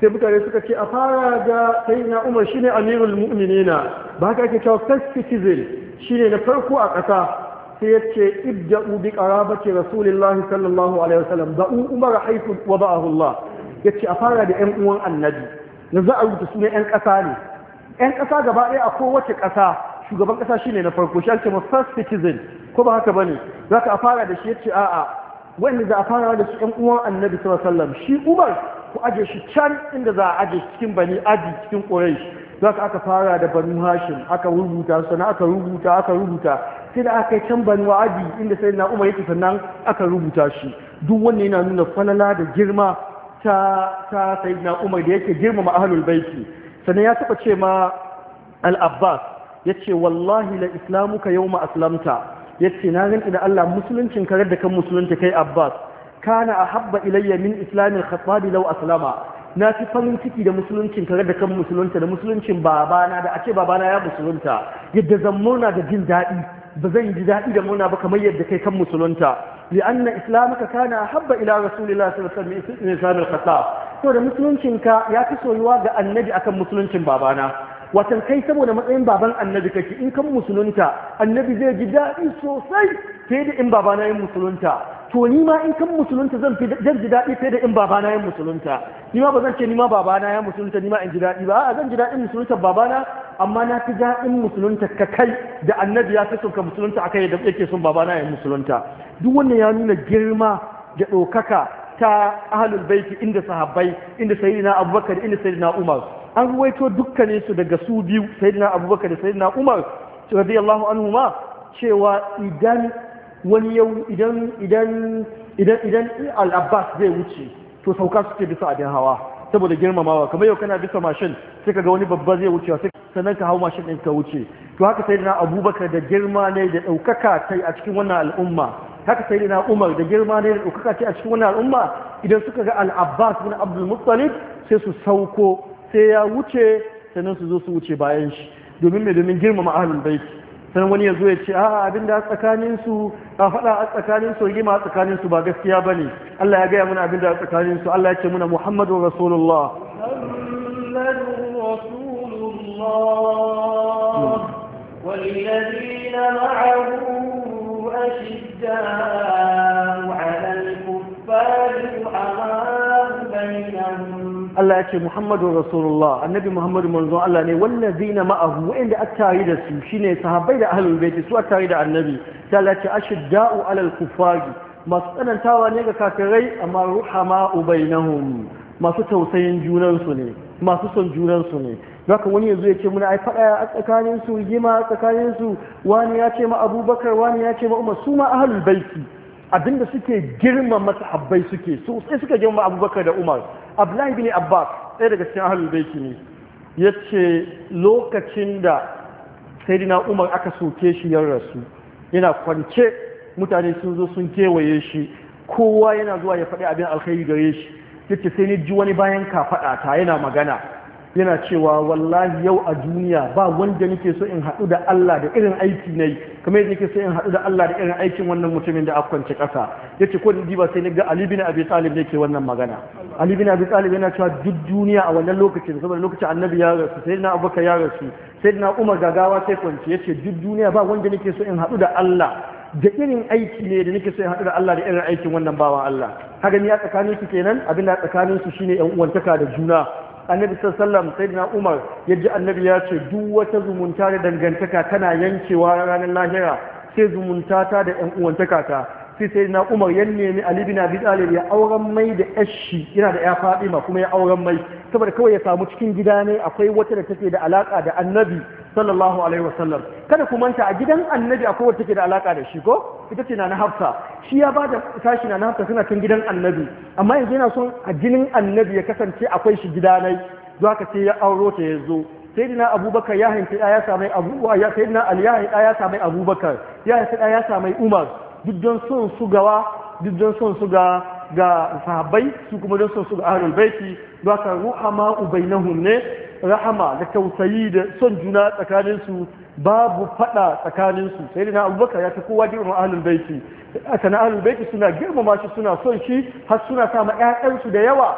sai mutane suka ce a fara da sayyidina Umar shine amirul mu'minina ba haka ake cewa first citizen shine na farko a ƙasa sai ya ce ibda'u bi qarabati Rasulillah sallallahu alaihi wasallam da'u umara haythu wada'ahu Allah yace a fara da ƴan uwan annabi na za a rubuta sunan ƴan ƙasa ne ƴan ƙasa gaba ɗaya a kowace ƙasa shugaban ƙasa shine na farko shi ake first citizen ko ba haka bane Za ka fara da shi yace a'a wanda za a fara da su ɗan uwan annabi sallallahu shi umar ku aje shi can inda za a aje cikin bani aji cikin quraish za ka aka fara da banu hashim aka rubuta sannan aka rubuta aka rubuta sai da aka yi can banu aji inda sai na umar yake sannan aka rubuta shi duk wannan yana nuna falala da girma ta ta sayyidina umar da yake girmama ahlul baiti sannan ya taba ce ma al-abbas yace wallahi la islamuka yawma aslamta yace na rantsi da Allah musuluncin karar da kan musulunta kai Abbas kana ahabba ilayya min al khattabi law aslama na fi farin ciki da musuluncin karar da kan musulunta da musuluncin babana da a ce babana ya musulunta yadda zan murna da jin daɗi ba zan ji daɗi da murna ba kamar yadda kai kan musulunta li'anna islamaka kana ahabba ila rasulillah sallallahu alaihi wasallam min al khattab to da musuluncinka ya fi soyuwa ga annabi akan musuluncin babana watan kai saboda matsayin baban annabi kake in kan musulunta annabi zai ji daɗi sosai fiye da in babana yin musulunta to ni ma in kan musulunta zan fi zan ji daɗi fiye da in babana yin musulunta ni ma ba zan ce ni ma babana ya musulunta ni ma in ji daɗi ba a'a zan ji daɗin musulunta babana amma na fi daɗin musulunta ka kai da annabi ya fi son ka musulunta akai da yake son babana yin musulunta duk wannan ya nuna girma da ɗaukaka ta ahlul baiti inda sahabbai inda sayyidina abubakar inda sayyidina umar an ruwaito dukkanin su daga su biyu sayyidina abubakar da sayyidina umar radiyallahu anhu ma cewa idan wani yau idan idan idan idan al-abbas zai wuce to sauka suke bisa abin hawa saboda girmamawa kamar yau kana bisa mashin sai kaga wani babba zai wuce sai sannan ka hau mashin ɗin ka wuce to haka Sayyidina abubakar da girma ne da ɗaukaka ta a cikin wannan al'umma haka Sayyidina umar da girma ne da ɗaukaka ta a cikin wannan al'umma idan suka ga al'abbas bin abdul muttalib sai su sauko sai ya wuce sannan su zo su wuce bayan shi domin mai domin girmama ahlul baiti sannan wani ya ya ce a'a abin da a tsakanin su a faɗa a tsakanin su rigima a tsakanin su ba gaskiya bane Allah ya gaya mana abin da a tsakanin Allah ya ce muna Muhammadu Rasulullah والذين معه Allah ya ce Muhammadu Rasulullah annabi Muhammadu manzon Allah ne zina ma'ahu wanda a tare da su shine sahabbai da ahlul bait su a tare da annabi ta Allah ce ashidda'u alal kufari masu tsanantawa ne ga kafirai amma ruhama ubainahum masu tausayin junansu ne masu son junansu ne haka wani yanzu ya ce muna ai faɗa a tsakanin su rigima tsakanin su wani ya ce ma Abubakar wani ya ce ma Umar su ma ahlul baiti abinda suke girmama sahabbai suke sosai suka girmama Abubakar da Umar abdullahi bin abbas ɗaya daga cikin ahlul baiti ne yace lokacin da sayyidina umar aka soke shi ya rasu yana kwance mutane sun zo sun kewaye shi kowa yana zuwa ya faɗi abin alkhairi gare shi yace sai ni ji wani bayan ka faɗa ta yana magana yana cewa wallahi yau a duniya ba wanda nake so in haɗu da Allah da irin aiki na yi kamar yadda nake so in haɗu da Allah da irin aikin wannan mutumin da akwance ƙasa ya ce ko da diba sai ga Ali bin Abi Talib ne ke wannan magana Ali bin Abi Talib yana cewa duk duniya a wannan lokacin saboda lokacin annabi ya rasu sai na Abubakar ya rasu sai na Umar gagawa sai kwance ya duk duniya ba wanda nake so in haɗu da Allah da irin aiki ne da nake so in haɗu da Allah da irin aikin wannan bawa Allah haka ni a tsakaninsu kenan abin da tsakaninsu shine yan uwantaka da juna annabi sallallahu alaihi na umar yaji annabi ya ce duk wata zumunta da dangantaka tana yankewa ranar lahira sai zumunta ta da yan uwantaka ta sai sai na umar ya nemi ali bin abi talib ya auren mai da ashi yana da ya fadima kuma ya auren mai saboda kawai ya samu cikin gida ne akwai wata da take da alaka da annabi sallallahu alaihi wasallam kada ku manta a gidan annabi akwai wata take da alaka da shi ko ita ce na hafsa shi ya bada tashi na hafsa suna tun gidan annabi amma yanzu yana son a jinin annabi ya kasance akwai shi gidanai don ka ce ya auro ta ya zo sayyidina abubakar ya haifi ya samai abu ya sayyidina ali ya haifi ya samai abubakar ya haifi ya samai umar duk don son su gawa duk don son su ga ga sahabbai su kuma don son su ga ahlul baiti don ruha ma ubainahum ne rahama da tausayi da son juna tsakaninsu babu fada tsakaninsu sai dina abubakar ya fi kowa girma ahalin baiti sana ahalin baiti suna girmama shi suna son shi har suna sama ƴaƴansu da yawa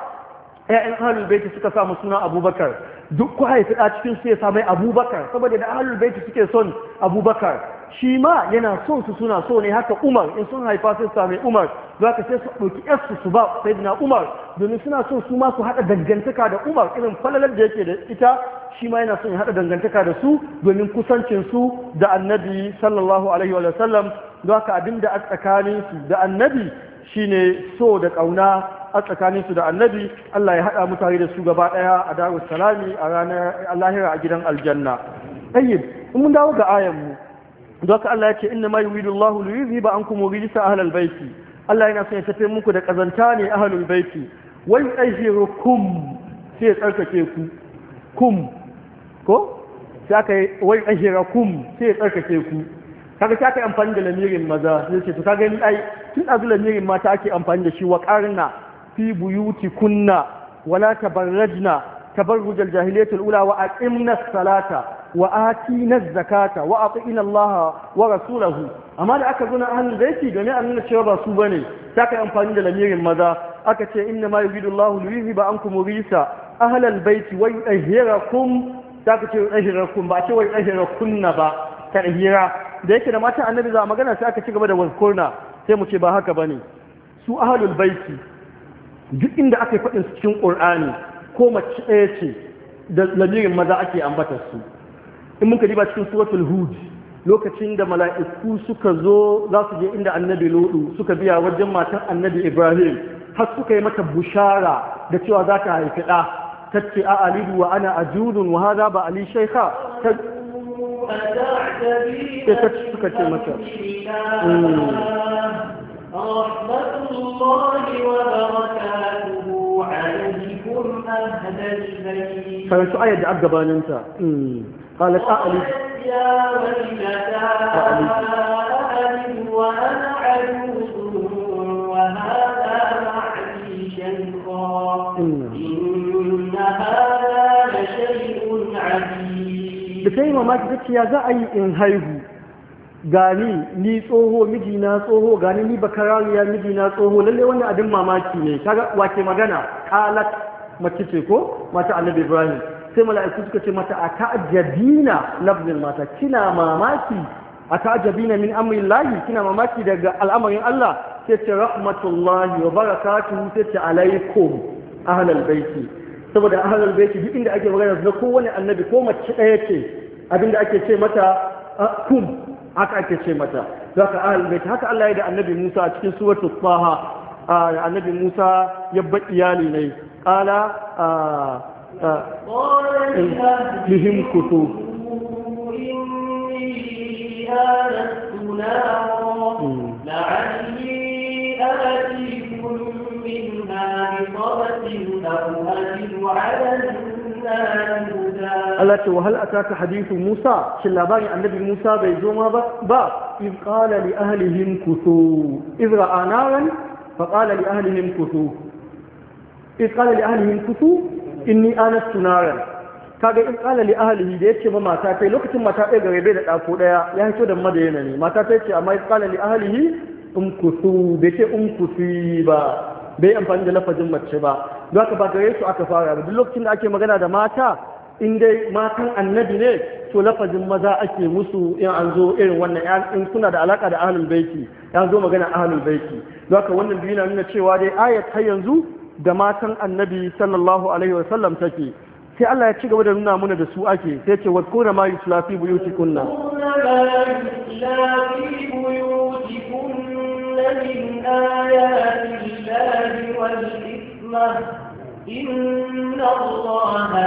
ƴaƴan ahalin baiti suka samu suna abubakar duk ku haifi ɗa cikin su ya samai abubakar saboda da ahalin baiti suke son abubakar shi ma yana son su suna so ne haka umar in sun haifa sun sami umar za ka sai su ɗauki yarsu su ba sayyidina umar domin suna son su ma su haɗa dangantaka da umar irin falalar da yake da ita shi ma yana son ya haɗa dangantaka da su domin kusancin su da annabi sallallahu alaihi wa sallam don haka abin da a tsakanin da annabi shine so da ƙauna a tsakanin da annabi Allah ya haɗa mutane da su gaba ɗaya a darussalami a ranar lahira a gidan aljanna ayyib mun dawo ga ayan mu doka Allah ya ce inna ma yuridu Allahu li yuzhiba ankum rijsa ahlal baiti Allah yana son ya tafi muku da kazanta ne ahlul baiti wa yudhhirukum sai ya tsarkake ku kum ko sai aka wai yudhhirukum sai ya tsarkake ku kaga sai aka yi amfani da lamirin maza sai ce to kaga ni ai tun azu lamirin mata ake amfani da shi wa qarna fi kunna, wala tabarrajna tabarrujal jahiliyatul ula wa aqimna salata wa atina zakata wa atina Allah wa rasulahu amma da aka zo na ahlul baiti game an nuna cewa ba su bane ta kai amfani da lamirin maza aka ce inna ma yuridu ba an kuma risa ahlul baiti wa yudhhirakum ta ka ce yudhhirakum ba ce wa yudhhirakunna ba tarhira da yake da mata annabi za magana sai aka ci gaba da wazkurna sai mu ce ba haka bane su ahlul baiti duk inda aka yi faɗin cikin Kur'ani, ko mace ɗaya ce da lamirin maza ake ambatar su in muka diba cikin suratul hud lokacin da mala'iku suka zo za su je inda annabi lodu suka biya wajen matan annabi ibrahim har suka yi mata bushara da cewa za ta haifi ɗa ta ce a alidu wa ana ajudun wa hada ba ali shaikha ta suka ce mata mm. karantu ayar da agabaninta قال أألي يا ويلتا أألي وأنا عجوز وهذا معي شيخا إن هذا لشيء عجيب بكي gani ni tsoho mijina tsoho gani ni bakarariya mijina tsoho lalle wani abin mamaki ne kaga wace magana kalat mace ce ko mata annabi ibrahim sai mala'iku suka ce mata a ta'jabina lafzin mata kina mamaki a ta'jabina min amrillahi kina mamaki daga al'amarin Allah sai ce rahmatullahi wa barakatuhu sai ce alaikum ahlal baiti saboda ahlal baiti duk inda ake magana na kowane annabi ko mace ɗaya ce abinda ake ce mata kum haka ake ce mata zaka ahlal baiti haka Allah ya da annabi Musa a cikin suratul Taha annabi Musa ya bar iyali ne قال آه آه بهم كتب إني آنست نارا لعلي آتيكم منها بقبس أو أجد على Allah ce wahal a taka hadithu Musa, shin labarin annabi Musa bai zo ma ba, iz qala li ahlihim kusu, iz ra'a naran fa qala li ahlihim kusu, iz qala li ahlihi kutu inni kaga in kala li ahlihi da yace ma mata kai lokacin mata kai gare bai da dako daya ya hito da madaya ne mata kai ce amma iz qala li ahlihi kusu bai ce umkusi ba bai amfani da lafazin mace ba don haka ba gare su aka fara duk lokacin da ake magana da mata in dai matan annabi ne to lafazin maza ake musu in an zo irin wannan in suna da alaka da ahlul baiti ya zo magana ahlul baiti don haka wannan biyu na nuna cewa dai ayat har yanzu da matan annabi sallallahu alaihi wasallam take sai Allah ya ci gaba da nuna muna da su ake sai ce wadkuna kuna yusla fi buyutikunna من آيات الله والحكمة ce الله kuna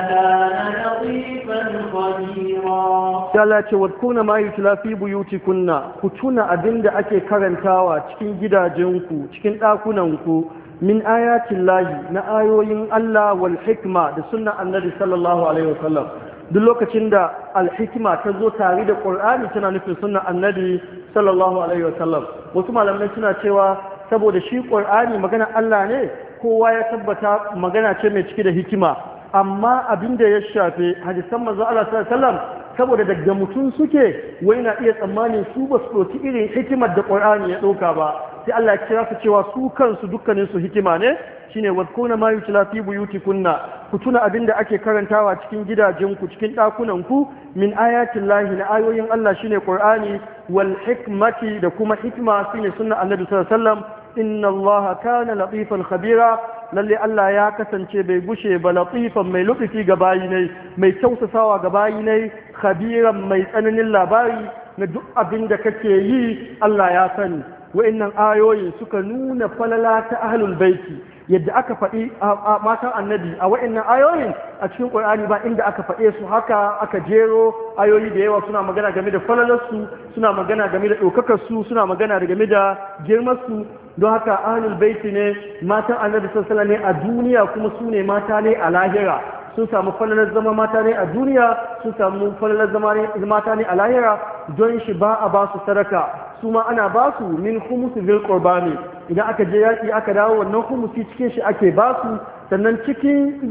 لطيفا خبيرا Allah ce wadkuna ma ku tuna abinda ake karantawa cikin gidajenku cikin ɗakunanku min ayatin lahi na ayoyin Allah wal hikma da sunna annabi sallallahu alaihi wasallam duk lokacin da alhikima ta zo tare da ƙur'ani tana nufin sunna annabi sallallahu alaihi wasallam wasu malamai suna cewa saboda shi ƙur'ani magana Allah ne kowa ya tabbata magana ce mai ciki da hikima amma abin da ya shafe hadisan manzo Allah sallallahu alaihi wasallam saboda daga mutum suke wai na iya tsammanin su ba su ɗauki irin hikimar da ƙur'ani ya ɗauka ba sai Allah ya kira su cewa su kansu dukkaninsu hikima ne shine wadkuna ma yutla fi buyutikunna ku tuna abinda ake karantawa cikin gidajenku cikin dakunan ku min ayatin lahi na ayoyin Allah shine Qur'ani wal hikmati da kuma hikma shine sunna Annabi sallallahu alaihi wasallam inna Allah kana latifan khabira lalle Allah ya kasance bai gushe ba latifan mai lutufi ga bayi ne mai tausasawa ga bayi ne khabiran mai tsananin labari na duk abin da kake yi Allah ya sani wa'annan ayoyi suka nuna falala ta ahlul baiti yadda aka faɗi a matan annabi a wa'annan ayoyin a cikin ƙur'ani ba inda aka faɗe su haka aka jero ayoyi da yawa suna magana game da falalarsu suna magana game da ɗaukakarsu suna magana game da girmarsu don haka ahlul baiti ne matan annabi sassana ne a duniya kuma su ne mata ne a lahira sun samu falalar zama mata ne a duniya sun samu falalar zama mata ne a lahira don shi ba a ba su sadaka su ma ana ba su min humusu zil qurbani idan aka je yaki aka dawo wannan humusi cikin shi ake ba su sannan cikin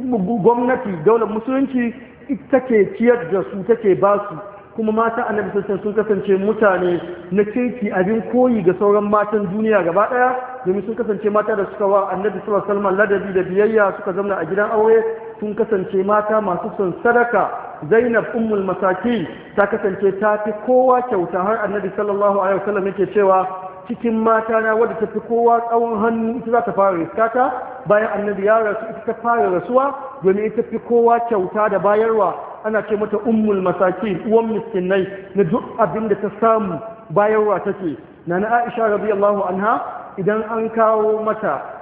gwamnati daular musulunci ita ke ciyar da su take ba su kuma mata a sassan sun kasance mutane na kirki abin koyi ga sauran matan duniya gaba ɗaya. domin sun kasance mata da suka wa annabi sallallahu alaihi ladabi da biyayya suka zauna a gidan aure sun kasance mata masu son sadaka zainab ummul masaki ta kasance ta fi kowa kyauta har annabi sallallahu alaihi wasallam yake cewa cikin mata na wadda ta fi kowa tsawon hannu ita za ta fara riskata bayan annabi ya rasu ita ta fara rasuwa domin ita fi kowa kyauta da bayarwa ana ce mata ummul masaki uwan miskinai na duk abin da ta samu bayarwa take na na aisha radiyallahu anha idan an kawo mata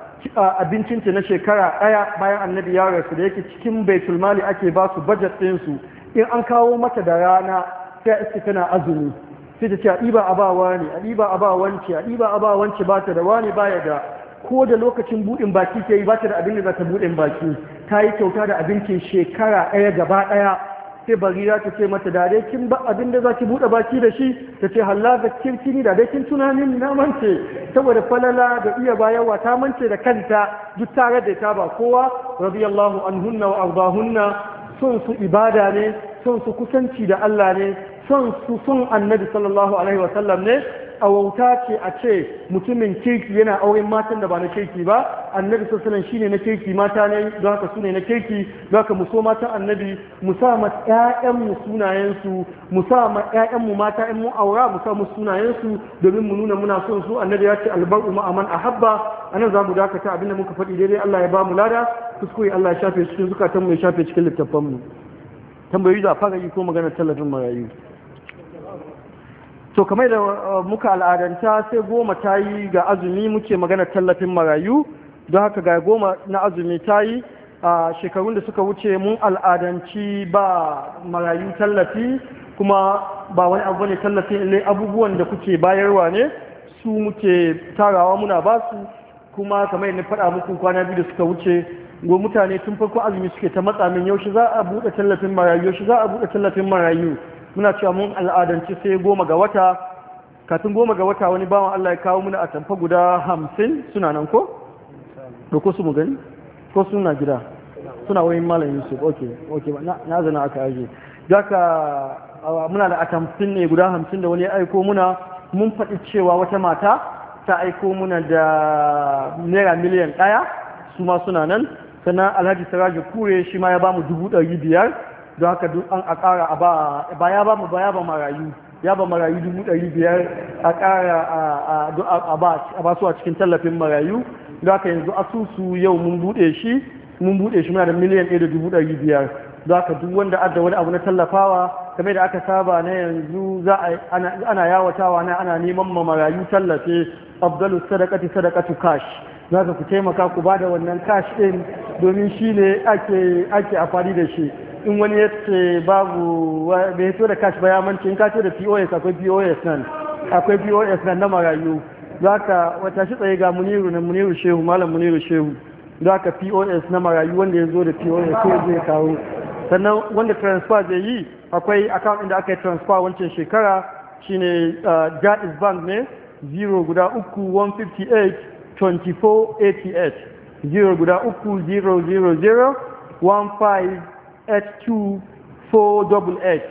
abincinta na shekara ɗaya bayan annabi ya rasu da yake cikin baitulmali ake ba su bajet ɗinsu in an kawo mata da rana sai iske tana azumi sai ta ce a ɗiba a ba wani a ɗiba a ba wance a ɗiba a ba wance ba ta da wani ya da ko da lokacin buɗin baki ke yi ba ta da abin da za ta buɗin baki ta yi kyauta da abincin shekara ɗaya gaba ɗaya sai barira ta ce mata da kin ba abin da zaki buɗe baki da shi ta ce hallaza da kirkini da dai kin tunanin na mance saboda falala da iya bayarwa ta mance da kanta duk tare da ta ba kowa radiyallahu anhunna wa ardahunna son su ibada ne son su kusanci da Allah ne son su son annabi sallallahu alaihi wa sallam ne wauta ce a ce mutumin kirki yana auren matan da ba na kirki ba annabi sassanan shi ne na kirki mata ne don haka su ne na kirki don haka mu so matan annabi mu sa ma ƴaƴanmu sunayensu mu sa ma ƴaƴanmu mata in mu aura mu sa mu sunayensu domin mu nuna muna son su annabi ya ce albar'u ma aman ahabba anan za mu dakata abinda muka faɗi daidai Allah ya ba mu lada kuskure Allah ya shafe cikin zukatanmu ya shafe cikin littafanmu tambayoyi za a fara yi ko magana tallafin marayu to kamar da uh, muka al'adanta sai goma ta yi ga azumi muke magana tallafin marayu don haka ga goma na azumi ta yi a shekarun da suka wuce mun al'adanci ba marayu tallafi kuma ba wani abu ne tallafi ne abubuwan da kuke bayarwa ne su muke tarawa muna ba su kuma kamar yadda faɗa muku kwana biyu da suka wuce go mutane tun farko azumi suke ta matsa min yaushe za a buɗe tallafin marayu yaushe za a buɗe tallafin marayu muna cewa mun al'adanci sai goma ga wata kafin goma ga wata wani bawan Allah ya kawo muna a tamfa guda hamsin suna nan ko? ko su mu gani? ko suna gida suna wani malam yusuf ok ok na zana aka aje daga muna da atamfin ne guda hamsin da wani ya aiko muna mun faɗi cewa wata mata ta aiko muna da naira miliyan ɗaya su ma suna nan sannan alhaji saraji kure shi ma ya bamu dubu ɗari biyar don haka duk an a ƙara a ba ya ba mu ba ya ba marayu ya ba marayu dubu ɗari biyar a ƙara a ba su a cikin tallafin marayu don haka yanzu asusu yau mun buɗe shi mun buɗe shi muna da miliyan ɗaya da dubu ɗari biyar don haka duk wanda adda wani abu na tallafawa kamar da aka saba na yanzu za a ana yawatawa na ana neman ma marayu tallafe abdalu sadakati sadakatu kash za ku taimaka ku ba da wannan kash ɗin domin shi ne ake amfani da shi in wani ya ce babu bai so da cash ba ya manci in ka da pos akwai pos nan akwai pos nan na marayu za ka wata shi tsaye ga muniru na muniru shehu malam muniru shehu za ka pos na marayu wanda ya zo da pos ko zai kawo sannan wanda transfer zai yi akwai account inda aka yi transfer wancan shekara shine uh, jadis bank ne 0 guda 3 158 24 88 0 guda 3 000 h24h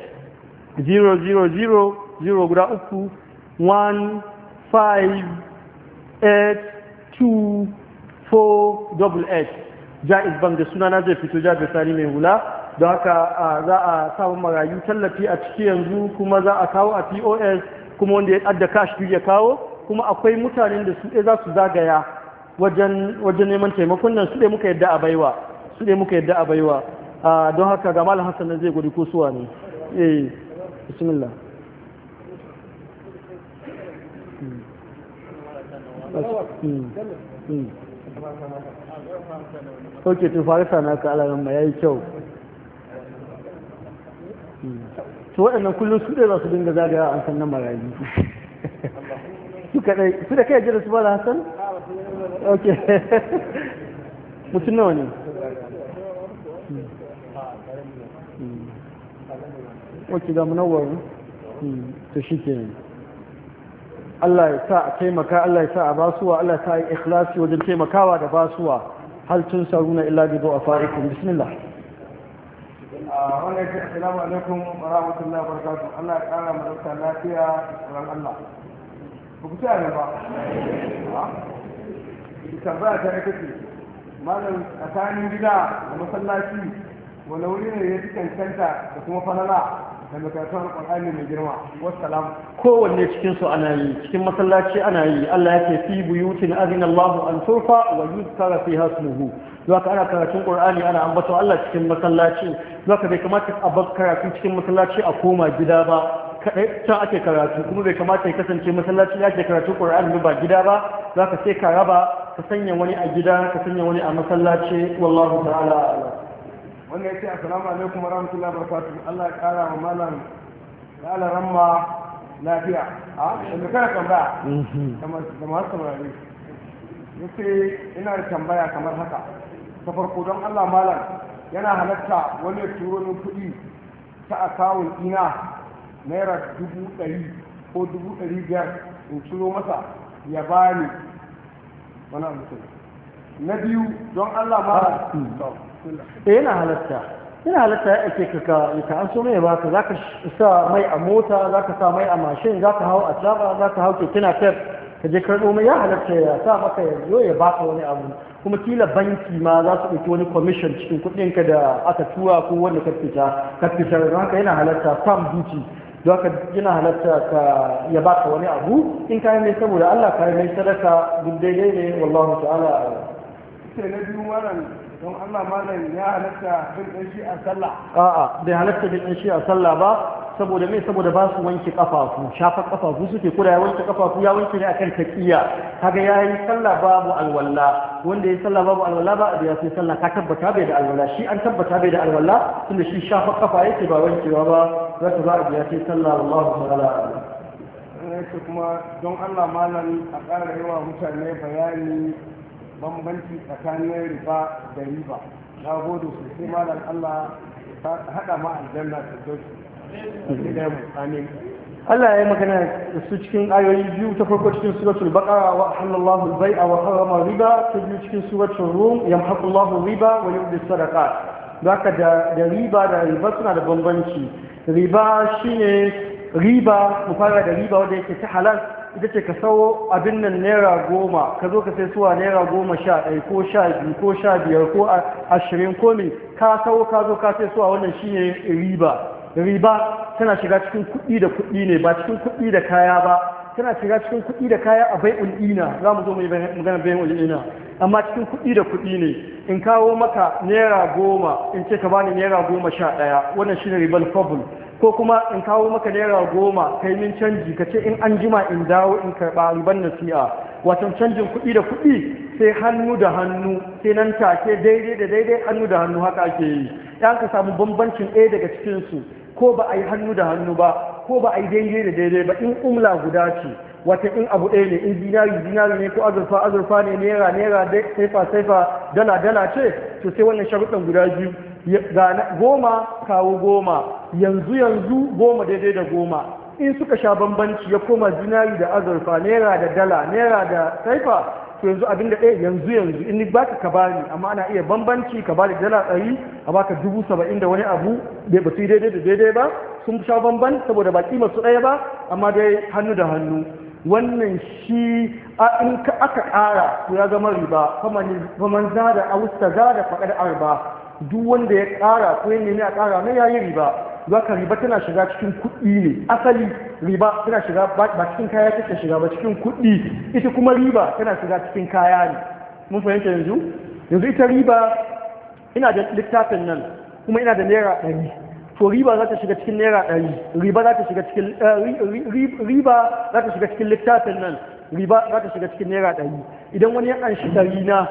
000 guda uku 15824h jaiz bank da na zai fito jabir sani mai hula don haka za a samun marayu tallafi a ciki yanzu kuma za a kawo a pos kuma wanda ya adda cash ya kawo kuma akwai mutanen da su za su zagaya wajen neman taimakon nan su ɗaya muka yadda a baiwa su muka yadda a baiwa don haka ga malam hassan zai gudu ko suwa ne eh bismillah hmm. ok tun fara sana ka alaran ma yayi kyau hmm. to waɗannan kullum su ɗaya za su dinga zagaya an sannan marayi su su da kai jira su ba da hassan ok mutum nawa ne wacce ga munawar hmm, ta shi ke Allah ya sa a taimaka Allah ya sa a basuwa Allah ya sa a yi ikhlasi wajen taimakawa da basuwa hal tun saruna illa bi du'a fa'ikum bismillah ah, wannan ke assalamu alaikum wa rahmatullahi wa barakatuh Allah ya kara mu dauka lafiya ran Allah ku ku ne ba ah. tambaya ta ita ce malam tsakanin gida da masallaci wani wuri ne ya fi cancanta da kuma falala da matakan alƙur'ani mai girma wassalam kowanne cikin su ana yi cikin masallaci ana yi Allah yake fi buyutin azina Allahu an turfa wa yuzkara fiha ismuhu ka ana karatun Qur'ani ana ambato Allah cikin masallaci zaka bai kamata a bar karatu cikin masallaci a koma gida ba kaɗai can ake karatu kuma bai kamata ya kasance masallaci ya ke karatu ƙur'ani ba gida ba za ka sai ka raba ka sanya wani a gida ka sanya wani a masallaci wallahu ta'ala wannan ya ce assalamu alaikum wa rahmatullahi wa barakatuh Allah ya kara wa malam ala ramma lafiya a yanzu kana tambaya da mm-hmm. masu ne. ya ce ina da tambaya kamar haka ta farko don Allah malam yana halatta wani ya turo ni kuɗi ta akawun ina naira dubu ɗari ko dubu ɗari biyar in ciro masa ya bani wani abu na biyu don Allah malam ah, mm. eh yana halatta yana halatta ya ake kaka ka an so mai baka za ka sa mai a mota zaka ka sa mai a mashin zaka ka hau a tsaba za ka hau keke na fef ka je karɗo mai ya halatta ya sa maka ya zo ya wani abu kuma kila banki ma za su ɗauki wani commission cikin kuɗinka da aka tura ko wanda ka fita ka fita don haka yana halatta farm duty don haka yana halatta ka ya baka wani abu in ka yi mai saboda Allah ka yi mai sadaka duk daidai ne wallahu ta'ala sai na biyu maran don Allah malam ya halatta bin ɗan shi a sallah a'a bai halatta bin ɗan shi a sallah ba saboda mai saboda ba su wanke ƙafafu, shafar ƙafafu suke kuda ya wanke ƙafafu, ya wanke ne akan taqiya kaga yi sallah babu alwala wanda ya yi sallah babu alwala ba da ya sai sallah ka tabbata bai da alwala shi an tabbata bai da alwala tunda shi shafar kafa yake ba wankewa ba za zaka ba a biya sai sallah Allahu ta'ala eh, kuma don Allah malam a ƙara yawa mutane bayani bambanci tsakanin riba da riba na gode sosai malam Allah ta haɗa ma aljanna ta dauki amin Allah ya yi magana da su cikin ayoyi biyu ta farko cikin suratul baqara wa halallahu al-bai'a wa harrama riba ta biyu cikin suratul rum yamhaqu riba wa yubdi sadaqat zaka da da riba da riba suna da bambanci riba shine riba mu fara da riba wanda yake ta halal ita ce ka sawo abin nan naira goma ka zo ka sai suwa naira goma sha ɗaya ko sha biyu ko sha biyar ko ashirin ko me ka sawo ka zo ka sai suwa wannan shi ne riba riba tana shiga cikin kuɗi da kuɗi ne ba cikin kuɗi da kaya ba tana shiga cikin kuɗi da kaya a bai'ul ina za mu zo mu yi magana bai'ul ina amma cikin kuɗi da kuɗi ne in kawo maka naira goma in ce ka bani naira goma sha ɗaya wannan shine ne ribal fabul ko kuma in kawo maka naira goma kai min canji ka ce in an jima in dawo in karɓa riban nasi'a wato canjin kuɗi da kuɗi sai hannu da hannu sai nan take daidai da daidai hannu da hannu haka ake yi ɗan ka samu bambancin ɗaya daga cikinsu ko ba a yi hannu da hannu ba ko ba a yi daidai da daidai ba in umla guda ce wata in abu ɗaya ne in zinari zinari ne ko azurfa azurfa ne naira naira saifa saifa dala dala ce to sai wannan sharuɗan guda biyu goma kawo goma yanzu yanzu goma daidai da goma in suka sha bambanci ya koma zinari da azurfa naira da dala naira da saifa to yanzu abin da ɗaya yanzu yanzu in ba ka bani amma ana iya bambanci ka bani dala ɗari a baka dubu saba'in da wani abu bai ba su daidai da daidai ba sun sha bamban saboda ba kima su ɗaya ba amma dai hannu da hannu wannan shi a in aka ƙara to ya zama riba kuma za da austa za da faɗar arba duk wanda ya kara ko ya nemi a kara na yayi riba za ka riba tana shiga cikin kuɗi ne asali riba tana shiga ba cikin kaya take shiga ba cikin kuɗi ita kuma riba tana shiga cikin kaya ne mun fahimta yanzu yanzu ita riba ina da littafin nan kuma ina da naira ɗari to riba za ta shiga cikin naira ɗari riba za ta shiga cikin eh, riba za ta shiga cikin littafin nan riba za ta shiga cikin naira ɗari idan wani ya ƙanshi ɗari na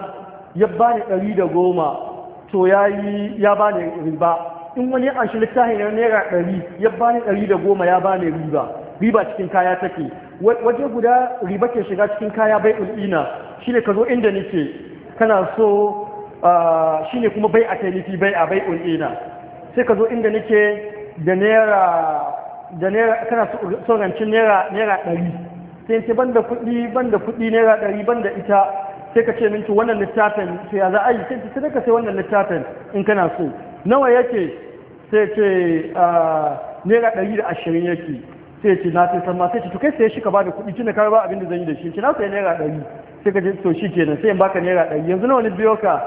ya bani ɗari da goma to ya yi ya ba ne riba in wani an shi littafin na naira ɗari ya ba ne ɗari da goma ya ba ne riba riba cikin kaya take waje guda riba ke shiga cikin kaya bai ul'ina shine ka zo inda nake kana so shine kuma bai a tailifi bai a bai ul'ina sai ka zo inda nake da naira da naira kana so rancin naira ɗari sai ce ban da kuɗi ban da kuɗi naira ɗari ban da ita sai ka ce min wannan littafin sai ya za a yi sai ka sai wannan littafin in kana so nawa yake sai ce ah, naira ɗari da ashirin yake sai ce na sai san ma sai ce to kai sai shi ka ba da kuɗi tunda ka ba abin da zan yi da shi ce na sai naira ɗari sai ka ce to shi kenan sai in baka naira ɗari yanzu nawa ne biyo ka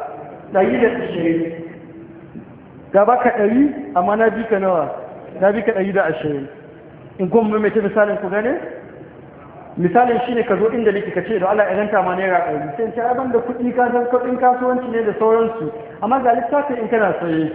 ɗari da ashirin ga baka ɗari amma na bi ka nawa na bi ka ɗari da ashirin in kuma mai ta misalin ku gane misalin shine ka zo inda nake ka ce da Allah idan ta ma naira ɗari sai ce ban da kuɗi ka san kuɗin kasuwanci ne da sauransu amma ga littafin in kana saye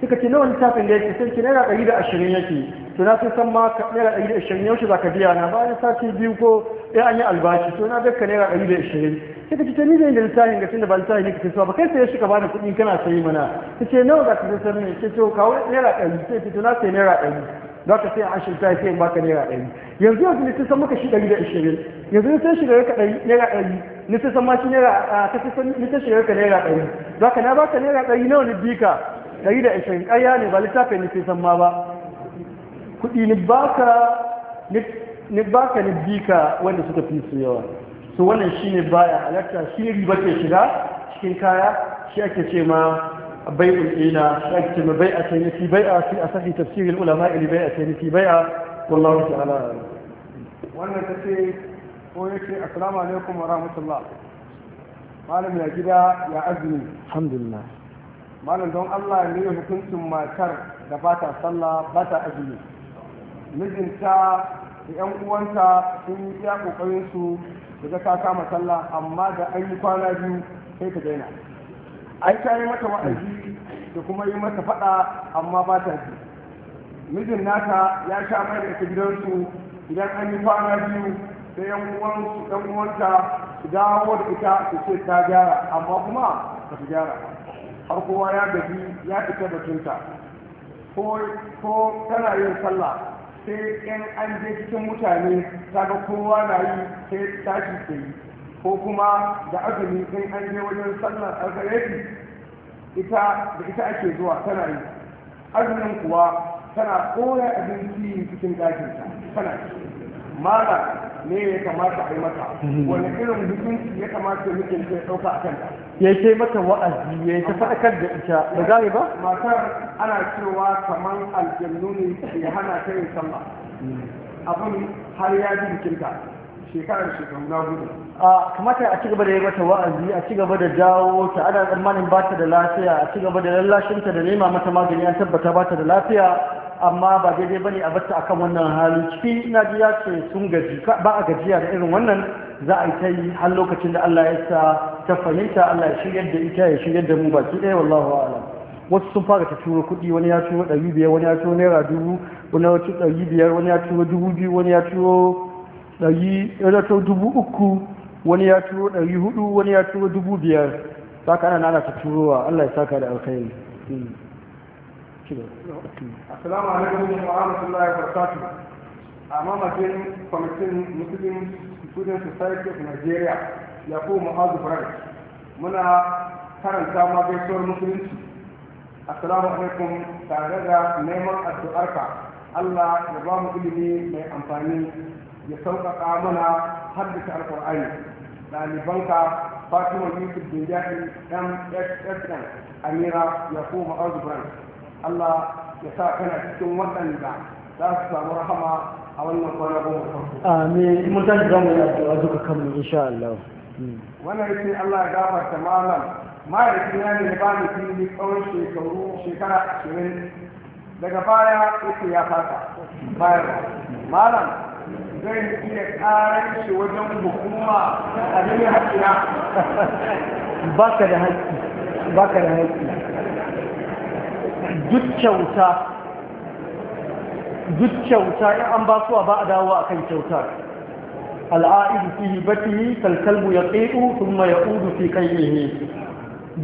suka ce nawa littafin da yake sai ce naira ɗari da ashirin yake to na sun san ma naira ɗari da ashirin yaushe za ka biya na bayan sati biyu ko ɗaya an yi albashi to na dukka naira ɗari da ashirin sai ka ce ni zai da littafin ga tunda ba littafin ne ka ce ba kai sai shi ka bani kuɗi kana sayi mana ta ce nawa za ka sai sai ne ce to kawo naira ɗari sai ce to na sai naira ɗari za ka sai ashirin ta sai baka naira ɗari yanzu yanzu nisan san maka shi ɗari da ashirin yanzu nisan sai shiga ka naira ɗari nisan san ma shi naira a ta san ne shiga ka naira ɗari za ka na baka naira ɗari nawa ne bika ɗari da ashirin ƙarya ne ba littafin nisan san ma ba kuɗi ni baka ni baka ni bika wanda suka fi su yawa to wannan shine baya halatta shi riba ke shiga cikin kaya shi ake ce ma بيع الإينة أكتم بيعتين في بيعة في أصح تفسير العلماء لبيعتين في بيعة والله تعالى wannan ta ce ko ya ce assalamu alaikum wa rahmatullah malam ya gida ya azumi malam don allah ne hukuncin matar da ba ta sallah ba azumi mijinta da yan uwanta sun yi iya kokarin su da ta kama sallah amma da an yi kwana biyu sai ta daina ai ta yi mata wa'azi da kuma yi mata faɗa amma ba ta ji mijin nata ya sha mai da ita gidansu idan an yi kwana biyu da yan uwansu dan uwanta su dawo da ita su ce ta gyara amma kuma ba ta gyara har kowa ya gaji ya fita da tunta ko tana yin sallah sai 'yan an je cikin mutane ta ga kowa na yi sai tashi ta yi ko kuma da azumi sai an je wajen sallar alkhairi ita da ita ake zuwa tana yi azumin kuwa tana kora abinci cikin ɗakin ta tana mala ne ya kamata a yi mata wani irin mutum ya kamata mutum ya ɗauka a kanta ya ce mata wa'azi ya ta faɗakar da ita ba za ba matar ana cewa kamar aljannu ne ya hana ta yin sallah abin har ya ji bikinta shekarar shekaru na gudu a kamata a cigaba da yi mata wa'azi a cigaba da dawo ta ana tsammanin ba ta da lafiya a cigaba da lallashinta da nema mata magani an tabbata ba ta da lafiya amma ba daidai bane a bata akan wannan hali ciki na ji ya ce sun gaji ba a gajiya da irin wannan za a yi ta yi har lokacin da Allah ya sa ta fahimta Allah ya shiryar da ita ya shiryar da mu baki ɗaya wallahu a'lam wasu sun fara ta turo kuɗi wani ya turo ɗari biyar wani ya turo naira dubu wani ya turo ɗari biyar wani ya turo dubu biyu wani ya turo Dari ya turo dubu uku wani ya turo ɗari hudu wani ya turo dubu biyar saka ka ana ta turowa allah ya saka da alkhairi hmm. assalamu alaikum wa rahmatullahi wa barakatuh a mamakin kwamitin muslim student society of nigeria ya ko muhazu frank muna karanta ma gaisuwar musulunci assalamu alaikum tare da neman addu'arka allah ya ba mu ilimi mai amfani ya sauƙaƙa mana haddace alƙur'ani ɗalibanka fatima yusuf bin jaɗi mssn amira yakubu arzubran allah ya sa kana cikin waɗanda za su samu rahama a wannan kwana goma farko amin mun tashi zamu yi addu'a duka kanmu insha Allah wannan yake Allah ya gafarta malam ma'aikaci ya ne ba fili tsawon shekaru shekara ashirin daga baya yake ya fata bayarwa malam zan iya karan shi wajen hukuma a duniya hakina baka da haƙƙi baka da haƙƙi duk kyauta duk kyauta in an ba suwa ba a dawo a kan kyautar al'a'idu fi hibatihi kalkalbu ya ƙeɗu sun ma ya ƙudu fi ƙayyehe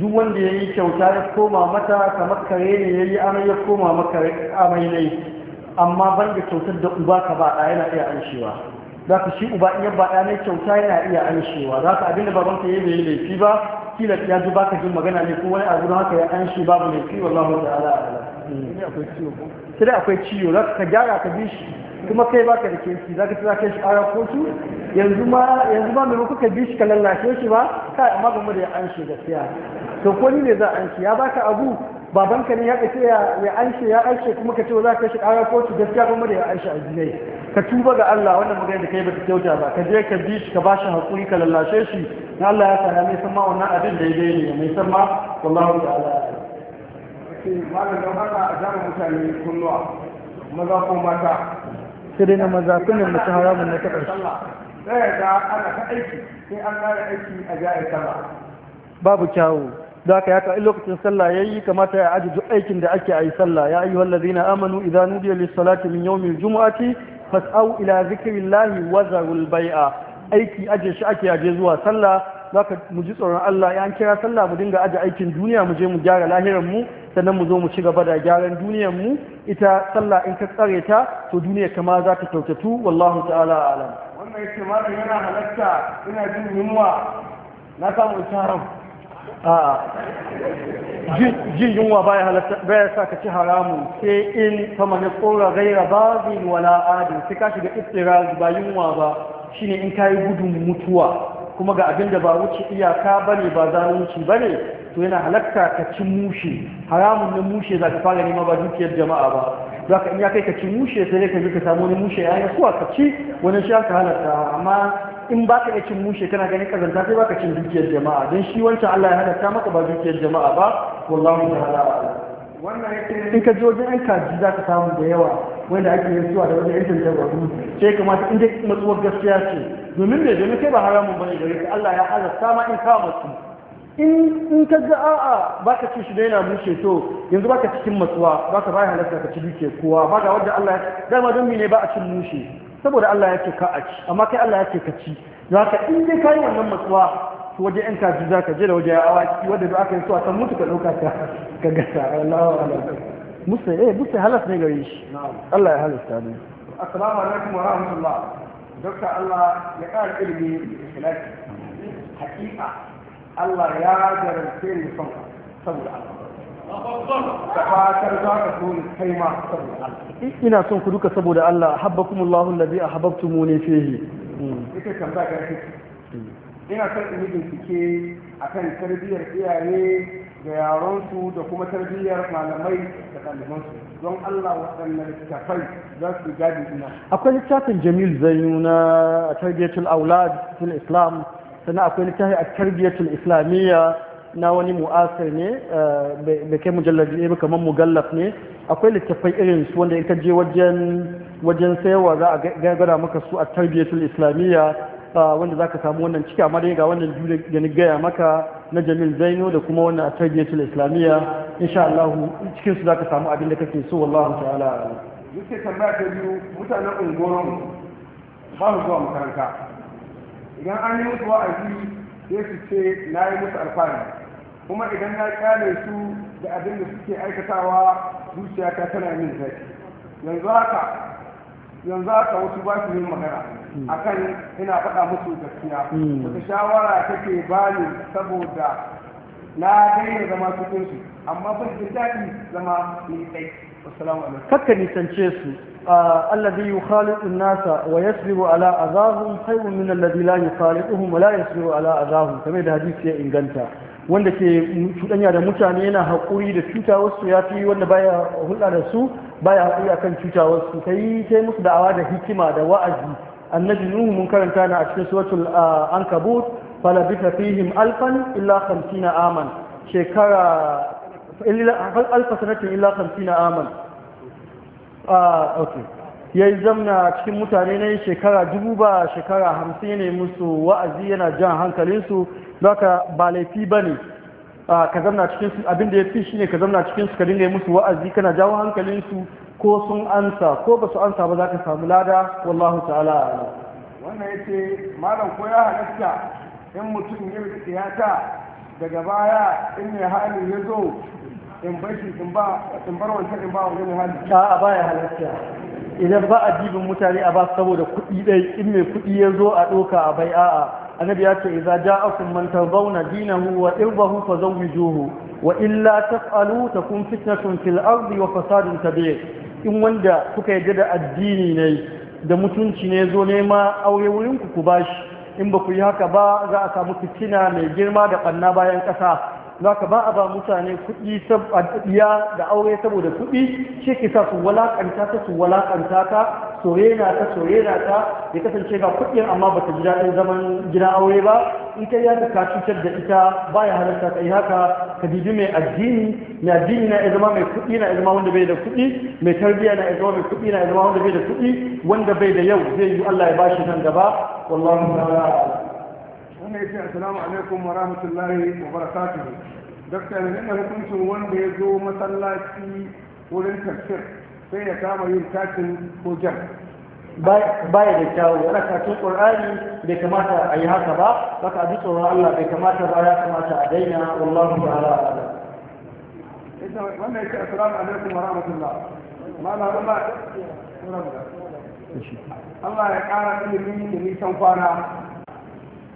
duk wanda ya yi kyauta ya koma mata kamar kare ne ya yi amai ya koma maka amai ne amma ban da kyautar da uba ka ba ɗaya na iya anshewa za ka shi uba in ba ɗaya ne kyauta yana iya anshewa za ka abin da babanka ya yi mai laifi ba kila ya ji baka jin magana ne ko wani abu don haka ya anshe babu laifi wallahu ta'ala sai dai akwai ciwo za ka gyara ka bi shi kuma kai baka da kesi za ka ci za ka shi ara kotu yanzu ma yanzu ma maimakon ka bi shi ka lallashe shi ba kai amma ba mu da ya anshe gaskiya to ko ne za a anshe ya baka abu Baban ka ne ya kace ya anshe ya anshe kuma ka ce za ka shi ƙara kotu gaskiya kuma da ya anshe a jinai ka tuba ga Allah wannan magana da kai baka kyauta ba ka je ka bi shi ka bashi hakuri ka lallashe shi na Allah ya sana mai san ma wannan abin da ya ne mai san ma wallahi ta'ala malam don haka a zama mutane kunnuwa maza ko mata sai dai na maza kunnen mutum haramun na ta shi sai ga ana ta aiki sai an ƙara aiki a ja'ai sama babu kyawu da ka yaka in lokacin sallah ya yi kamata ya aji duk aikin da ake ayi sallah ya ayyuhal ladina amanu idza nudiya lis salati min yawmil jumu'ati fas'au ila zikrillahi wa zarul bai'a aiki aje shi ake aje zuwa sallah zaka mu ji tsoron Allah ya kira sallah mu dinga aje aikin duniya mu je mu gyara lahiran mu sannan mu zo mu ci gaba da gyaran duniyar mu ita sallah in ka tsare ta to duniya kama za ta kyautatu wallahu ta'ala alam wannan yace ma yana halatta ina jin yunwa na samu haram. a jin yunwa baya sa ka ci haramu sai in sama na tsora gaira babin wala adi sai ka shiga iftira ba yunwa ba shine in kayi gudun mutuwa kuma ga abin da ba wuce iyaka bane ba zalunci bane to yana halatta ka ci mushe haramun na mushe za ka fara nema ba dukiyar jama'a ba za ka in ya kai ka ci mushe sai ka je ka samu wani mushe ya yi kuwa ka ci wani shi aka halatta amma in ba ka cin mushe kana ganin kazanta sai baka cin dukiyar jama'a don shi wancan Allah ya halatta maka ba dukiyar jama'a ba wallahu ta'ala wannan yake in ka ji wajen yan kaji za ka samu da yawa wanda ake yin suwa da wajen yan tantabaru sai kamata in dai matsuwar gaskiya ce domin me domin kai ba haramun bane gare ka Allah ya halatta ma in ka matsu in ka ga a'a baka ci shi da yana mushe to yanzu baka cikin matsuwa baka bai halatta ka ci duke kowa baka wanda Allah dama don mene ba a cin mushe saboda Allah ya ce ka a amma kai Allah ya ce ka ci za ka in dai ka yi wannan matsuwa to waje yan kaji za ka je da waje ci, wadda da aka yi suwa ta mutu ka ɗauka ta ka gasa Allah musa eh musa halas ne gari shi Allah ya halasta ne assalamu alaikum wa rahmatullah dokta Allah ya ƙara ilimi da ikhlasi hakika Allah ya garance ni son saboda Allah ka fatar za ka so ni kai ma saboda Allah ina son ku duka saboda Allah a habab kuma habbakumullahu allazi ahabbtumuni fihi hmm. ita kan za ka ina son in yi bincike akan tarbiyyar iyaye da yaronsu da kuma tarbiyyar malamai da ɗalibansu don Allah waɗannan littafai za su gadi ina. Akwai littafin Jamil Zainu na tarbiyyatul aulad fil Islam sannan akwai littafin a tarbiyyatul islamiyya na wani mu'asir ne da eh, kai mujallar ne kamar mugallaf ne akwai littattafai irin su wanda ita je wajen wajen sayarwa za a gargara maka su a tarbiyyatul islamiyya eh, wanda za ka samu wannan ciki amma dai ga wannan biyu da ni gaya maka na jamil zaino da kuma wannan a tarbiyyatul islamiyya insha Allah cikin su za ka samu abin da kake so wallahi ta'ala yake tambaya ta biyu mutanen ungoron ba su zuwa makaranta idan an yi musu wa'azi sai su ce na yi musu alfahari kuma idan na kyale su da abin da suke aikatawa zuciya ta tana min zafi yanzu haka yanzu haka wasu ba su yin magana hmm. akan ina faɗa musu gaskiya hmm. wata shawara take bani saboda na daina zama cikin su amma ban jin daɗi zama ni kai assalamu alaikum kakka nisance su alladhi yukhaliqu an-nasa wa yasbiru ala azahum khayrun min alladhi la yukhaliquhum wa la yasbiru ala azahum kamar da hadisi ya inganta wanda ke cuɗanya da mutane yana haƙuri da cutawarsu ya fi wanda baya hulɗa da su baya haƙuri akan cutawarsu ka yi ta yi musu da'awa da hikima da wa'azi annabi nuhu mun karanta na a cikin suratul ankabut fala bi fihim alfan illa khamsina aman shekara alfa sanatin illa khamsina aman ya zamna cikin mutane ne shekara dubu ba shekara hamsin ne musu wa'azi yana jan hankalinsu zaka ba laifi bane ka zamna cikin su abin ya fi shine ka zamna cikin su ka dinga yi musu wa'azi kana jawo hankalin su ko sun ansa ko ba su ansa ba za ka samu lada wallahu ta'ala Wannan wannan ce, malam ko ya halatta in mutum ya siyasa daga baya in ne hali ya zo in bar shi wancan in ba wani hali a baya halatta idan ba a jibin mutane a ba saboda kuɗi dai in mai kuɗi ya zo a ɗoka a bai a'a annabi ya ce idza ja'akum man dina dinahu wa irbahu fazawwijuhu wa illa taf'alu takun fitnatun fil ardi wa fasadun kabir in wanda kuka yarda da addini ne da mutunci ne zo nema aure wurin ku ku bashi in ba ku yi haka ba za a samu fitina mai girma da ƙanna bayan ƙasa za ka ba a ba mutane kuɗi saboda da aure saboda kuɗi shi ke sa su walaƙanta ta su walaƙanta ta na ta na ta ya kasance ga kuɗin amma ba ta ji daɗin zaman gida aure ba ita ya yi ka cutar da ita ba ya halarta ka yi haka ka bibi mai addini mai addini na ya zama mai kuɗi na ya zama wanda bai da kuɗi mai tarbiyya na ya zama mai kuɗi na ya zama wanda bai da kuɗi wanda bai da yau zai yi Allah ya bashi nan gaba wallahi ta'ala wannan yace assalamu alaikum wa rahmatullahi wa barakatuh dakta ne na hukuncin wanda ya zo masallaci wurin tafsir sai ya kama yin katin ko jam baya da kyawu ana katin qur'ani bai kamata a yi haka ba baka ji tsoron Allah bai kamata ba ya kamata a daina wallahu ta'ala wannan yace assalamu alaikum wa rahmatullah mana Allah Allah ya ƙara ilimi da nisan kwana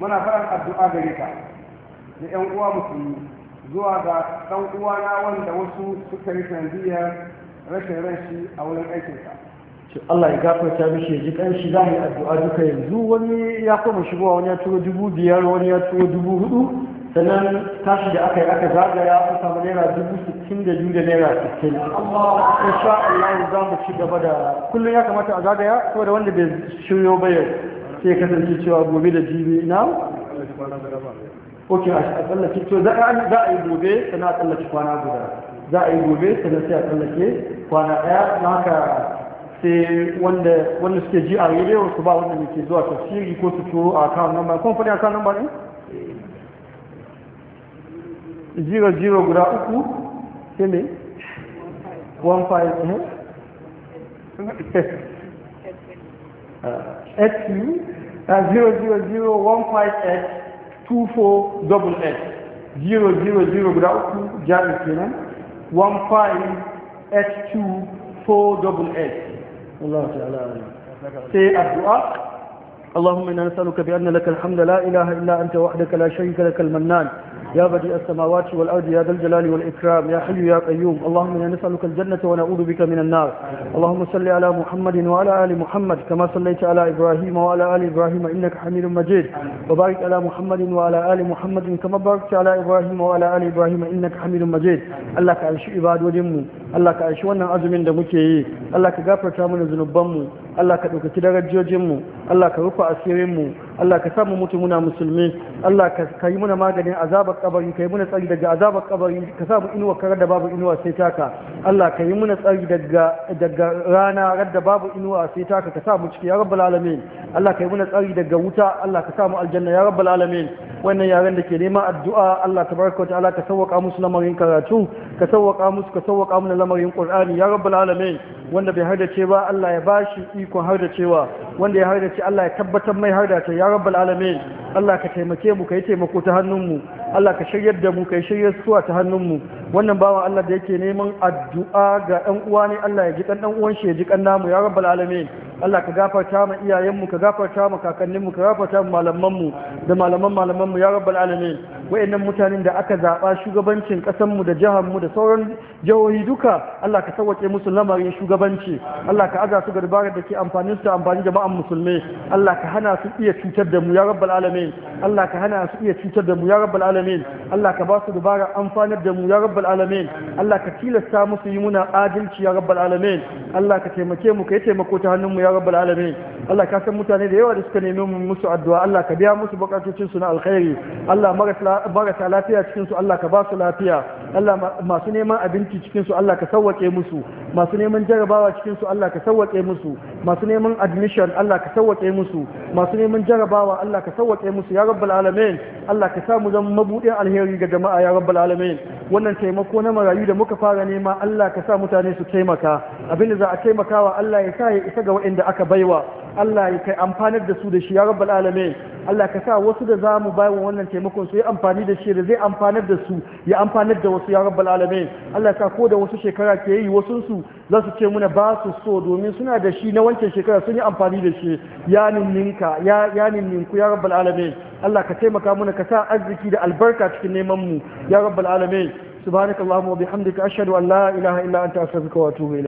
muna faran addu'a gare ka da yan uwa musulmi zuwa ga uwa na wanda wasu suka yi sanadiyar rashin shi a wurin ka. to Allah ya gafarta mishi ya ji shi za mu addu'a duka yanzu wani ya koma shigowa wani ya turo dubu biyar wani ya turo dubu hudu sannan tashi da aka yi aka zagaya kusa samu naira dubu sittin da biyu da naira sittin insha Allah za mu ci gaba da kullum ya kamata a zagaya saboda wanda bai shiryo ba yau sai kasance cewa gobe da jibi na ok a tsallake to za a yi gobe sana a tsallake kwana guda za a yi gobe sana sai a tsallake kwana daya na haka sai wanda suke ji a rediyo su ba wanda ke zuwa tafsiri ko su turo a kan namba kuma faɗi a kan namba ne? zero zero guda uku sai mai one five eh? XU uh, 00015X24XX 000 guda uku jami kenan 15X24XX Allah ta'ala sai addu'a اللهم إنا نسألك بأن لك الحمد لا إله إلا أنت وحدك لا شريك لك المنان يا بديع السماوات والأرض يا ذا الجلال والإكرام يا حي يا قيوم اللهم إنا نسألك الجنة ونعوذ بك من النار اللهم صل على محمد وعلى آل محمد كما صليت على إبراهيم وعلى آل إبراهيم إنك حميد مجيد وبارك على محمد وعلى آل محمد كما باركت على إبراهيم وعلى آل إبراهيم إنك حميد مجيد الله كعيش عباد وجمه الله كعيش وانا أزمن دمكي الله كغافر تامن ذنوبهم Allah ka ɗaukaki darajojinmu Allah ka rufe asirinmu Allah ka samu mutu muna musulmi Allah ka yi muna maganin azabar kabari ka yi muna tsari daga azabar kabari ka samu inuwa ka radda babu inuwa sai taka Allah ka yi muna tsari daga rana radda babu inuwa sai taka ka samu ciki ya rabbal alamin Allah ka yi muna tsari daga wuta Allah ka samu aljanna ya rabbal alamin wannan yaran da ke neman addu'a Allah tabaraka wa ta'ala ka sawwaka musu lamarin karatu ka sawwaka musu ka sawwaka mana lamarin Qur'ani ya rabbal alamin wanda bai hardace ba Allah ya bashi ikon hardacewa wanda ya hardace Allah ya tabbatar mai hardata ya rabbal alamin Allah ka taimake mu ka yi taimako ta hannun mu Allah ka shiryar da mu kai shiryar suwa ta hannunmu wannan bawan Allah da yake neman addu'a ga ɗan uwa ne Allah ya ji kan ɗan uwan shi ya ji kan namu ya rabbal alamin Allah ka gafarta ma iyayenmu ka gafarta ma kakanninmu ka gafarta ma malamanmu da malaman malamanmu ya rabbal alamin wayannan mutanen da aka zaba shugabancin kasanmu da jiharmu da sauran jihohi duka Allah ka sauke musu lamarin shugabanci Allah ka aza su ga dabarar da ke amfanin su amfani jama'an musulmi Allah ka hana su iya cutar da mu ya rabbal alamin Allah ka hana su iya cutar da mu ya rabbal alamin alamin Allah ka ba su dubara amfanar da mu ya rabbal alamin Allah ka tilasta musu yi muna adalci ya rabbal alamin Allah ka taimake mu ka yi taimako ta hannun mu ya rabbal alamin Allah ka san mutane da yawa da suka nemi musu addu'a Allah ka biya musu bukatocin su na alkhairi Allah marasa lafiya cikin su Allah ka ba su lafiya Allah masu neman abinci cikin su Allah ka sawwake musu masu neman jarabawa cikin su Allah ka sawwake musu masu neman admission Allah ka sawwake musu masu neman jarabawa Allah ka sawwake musu ya rabbal alamin Allah ka samu zama buɗe alheri ga jama'a ya rabbal alamin wannan taimako na marayu da muka fara nema Allah ka sa mutane su taimaka abinda za a taimakawa Allah ya sa ya isa ga waɗanda aka baiwa Allah ya kai amfanar da su da shi ya rabbal alamin Allah ka sa wasu da zamu bayan wannan taimakon su yi amfani da shi da zai amfanar da su ya amfanar da wasu ya rabbal alamin Allah ka ko da wasu shekara ke yi wasu su za su ce muna ba su so domin suna da shi na wancan shekara sun yi amfani da shi ya ninninka ya ya ninninku ya rabbal alamin Allah ka taimaka muna ka sa arziki da albarka cikin neman mu ya rabbal alamin subhanakallahumma wa bihamdika ashhadu an la ilaha illa anta astaghfiruka wa atubu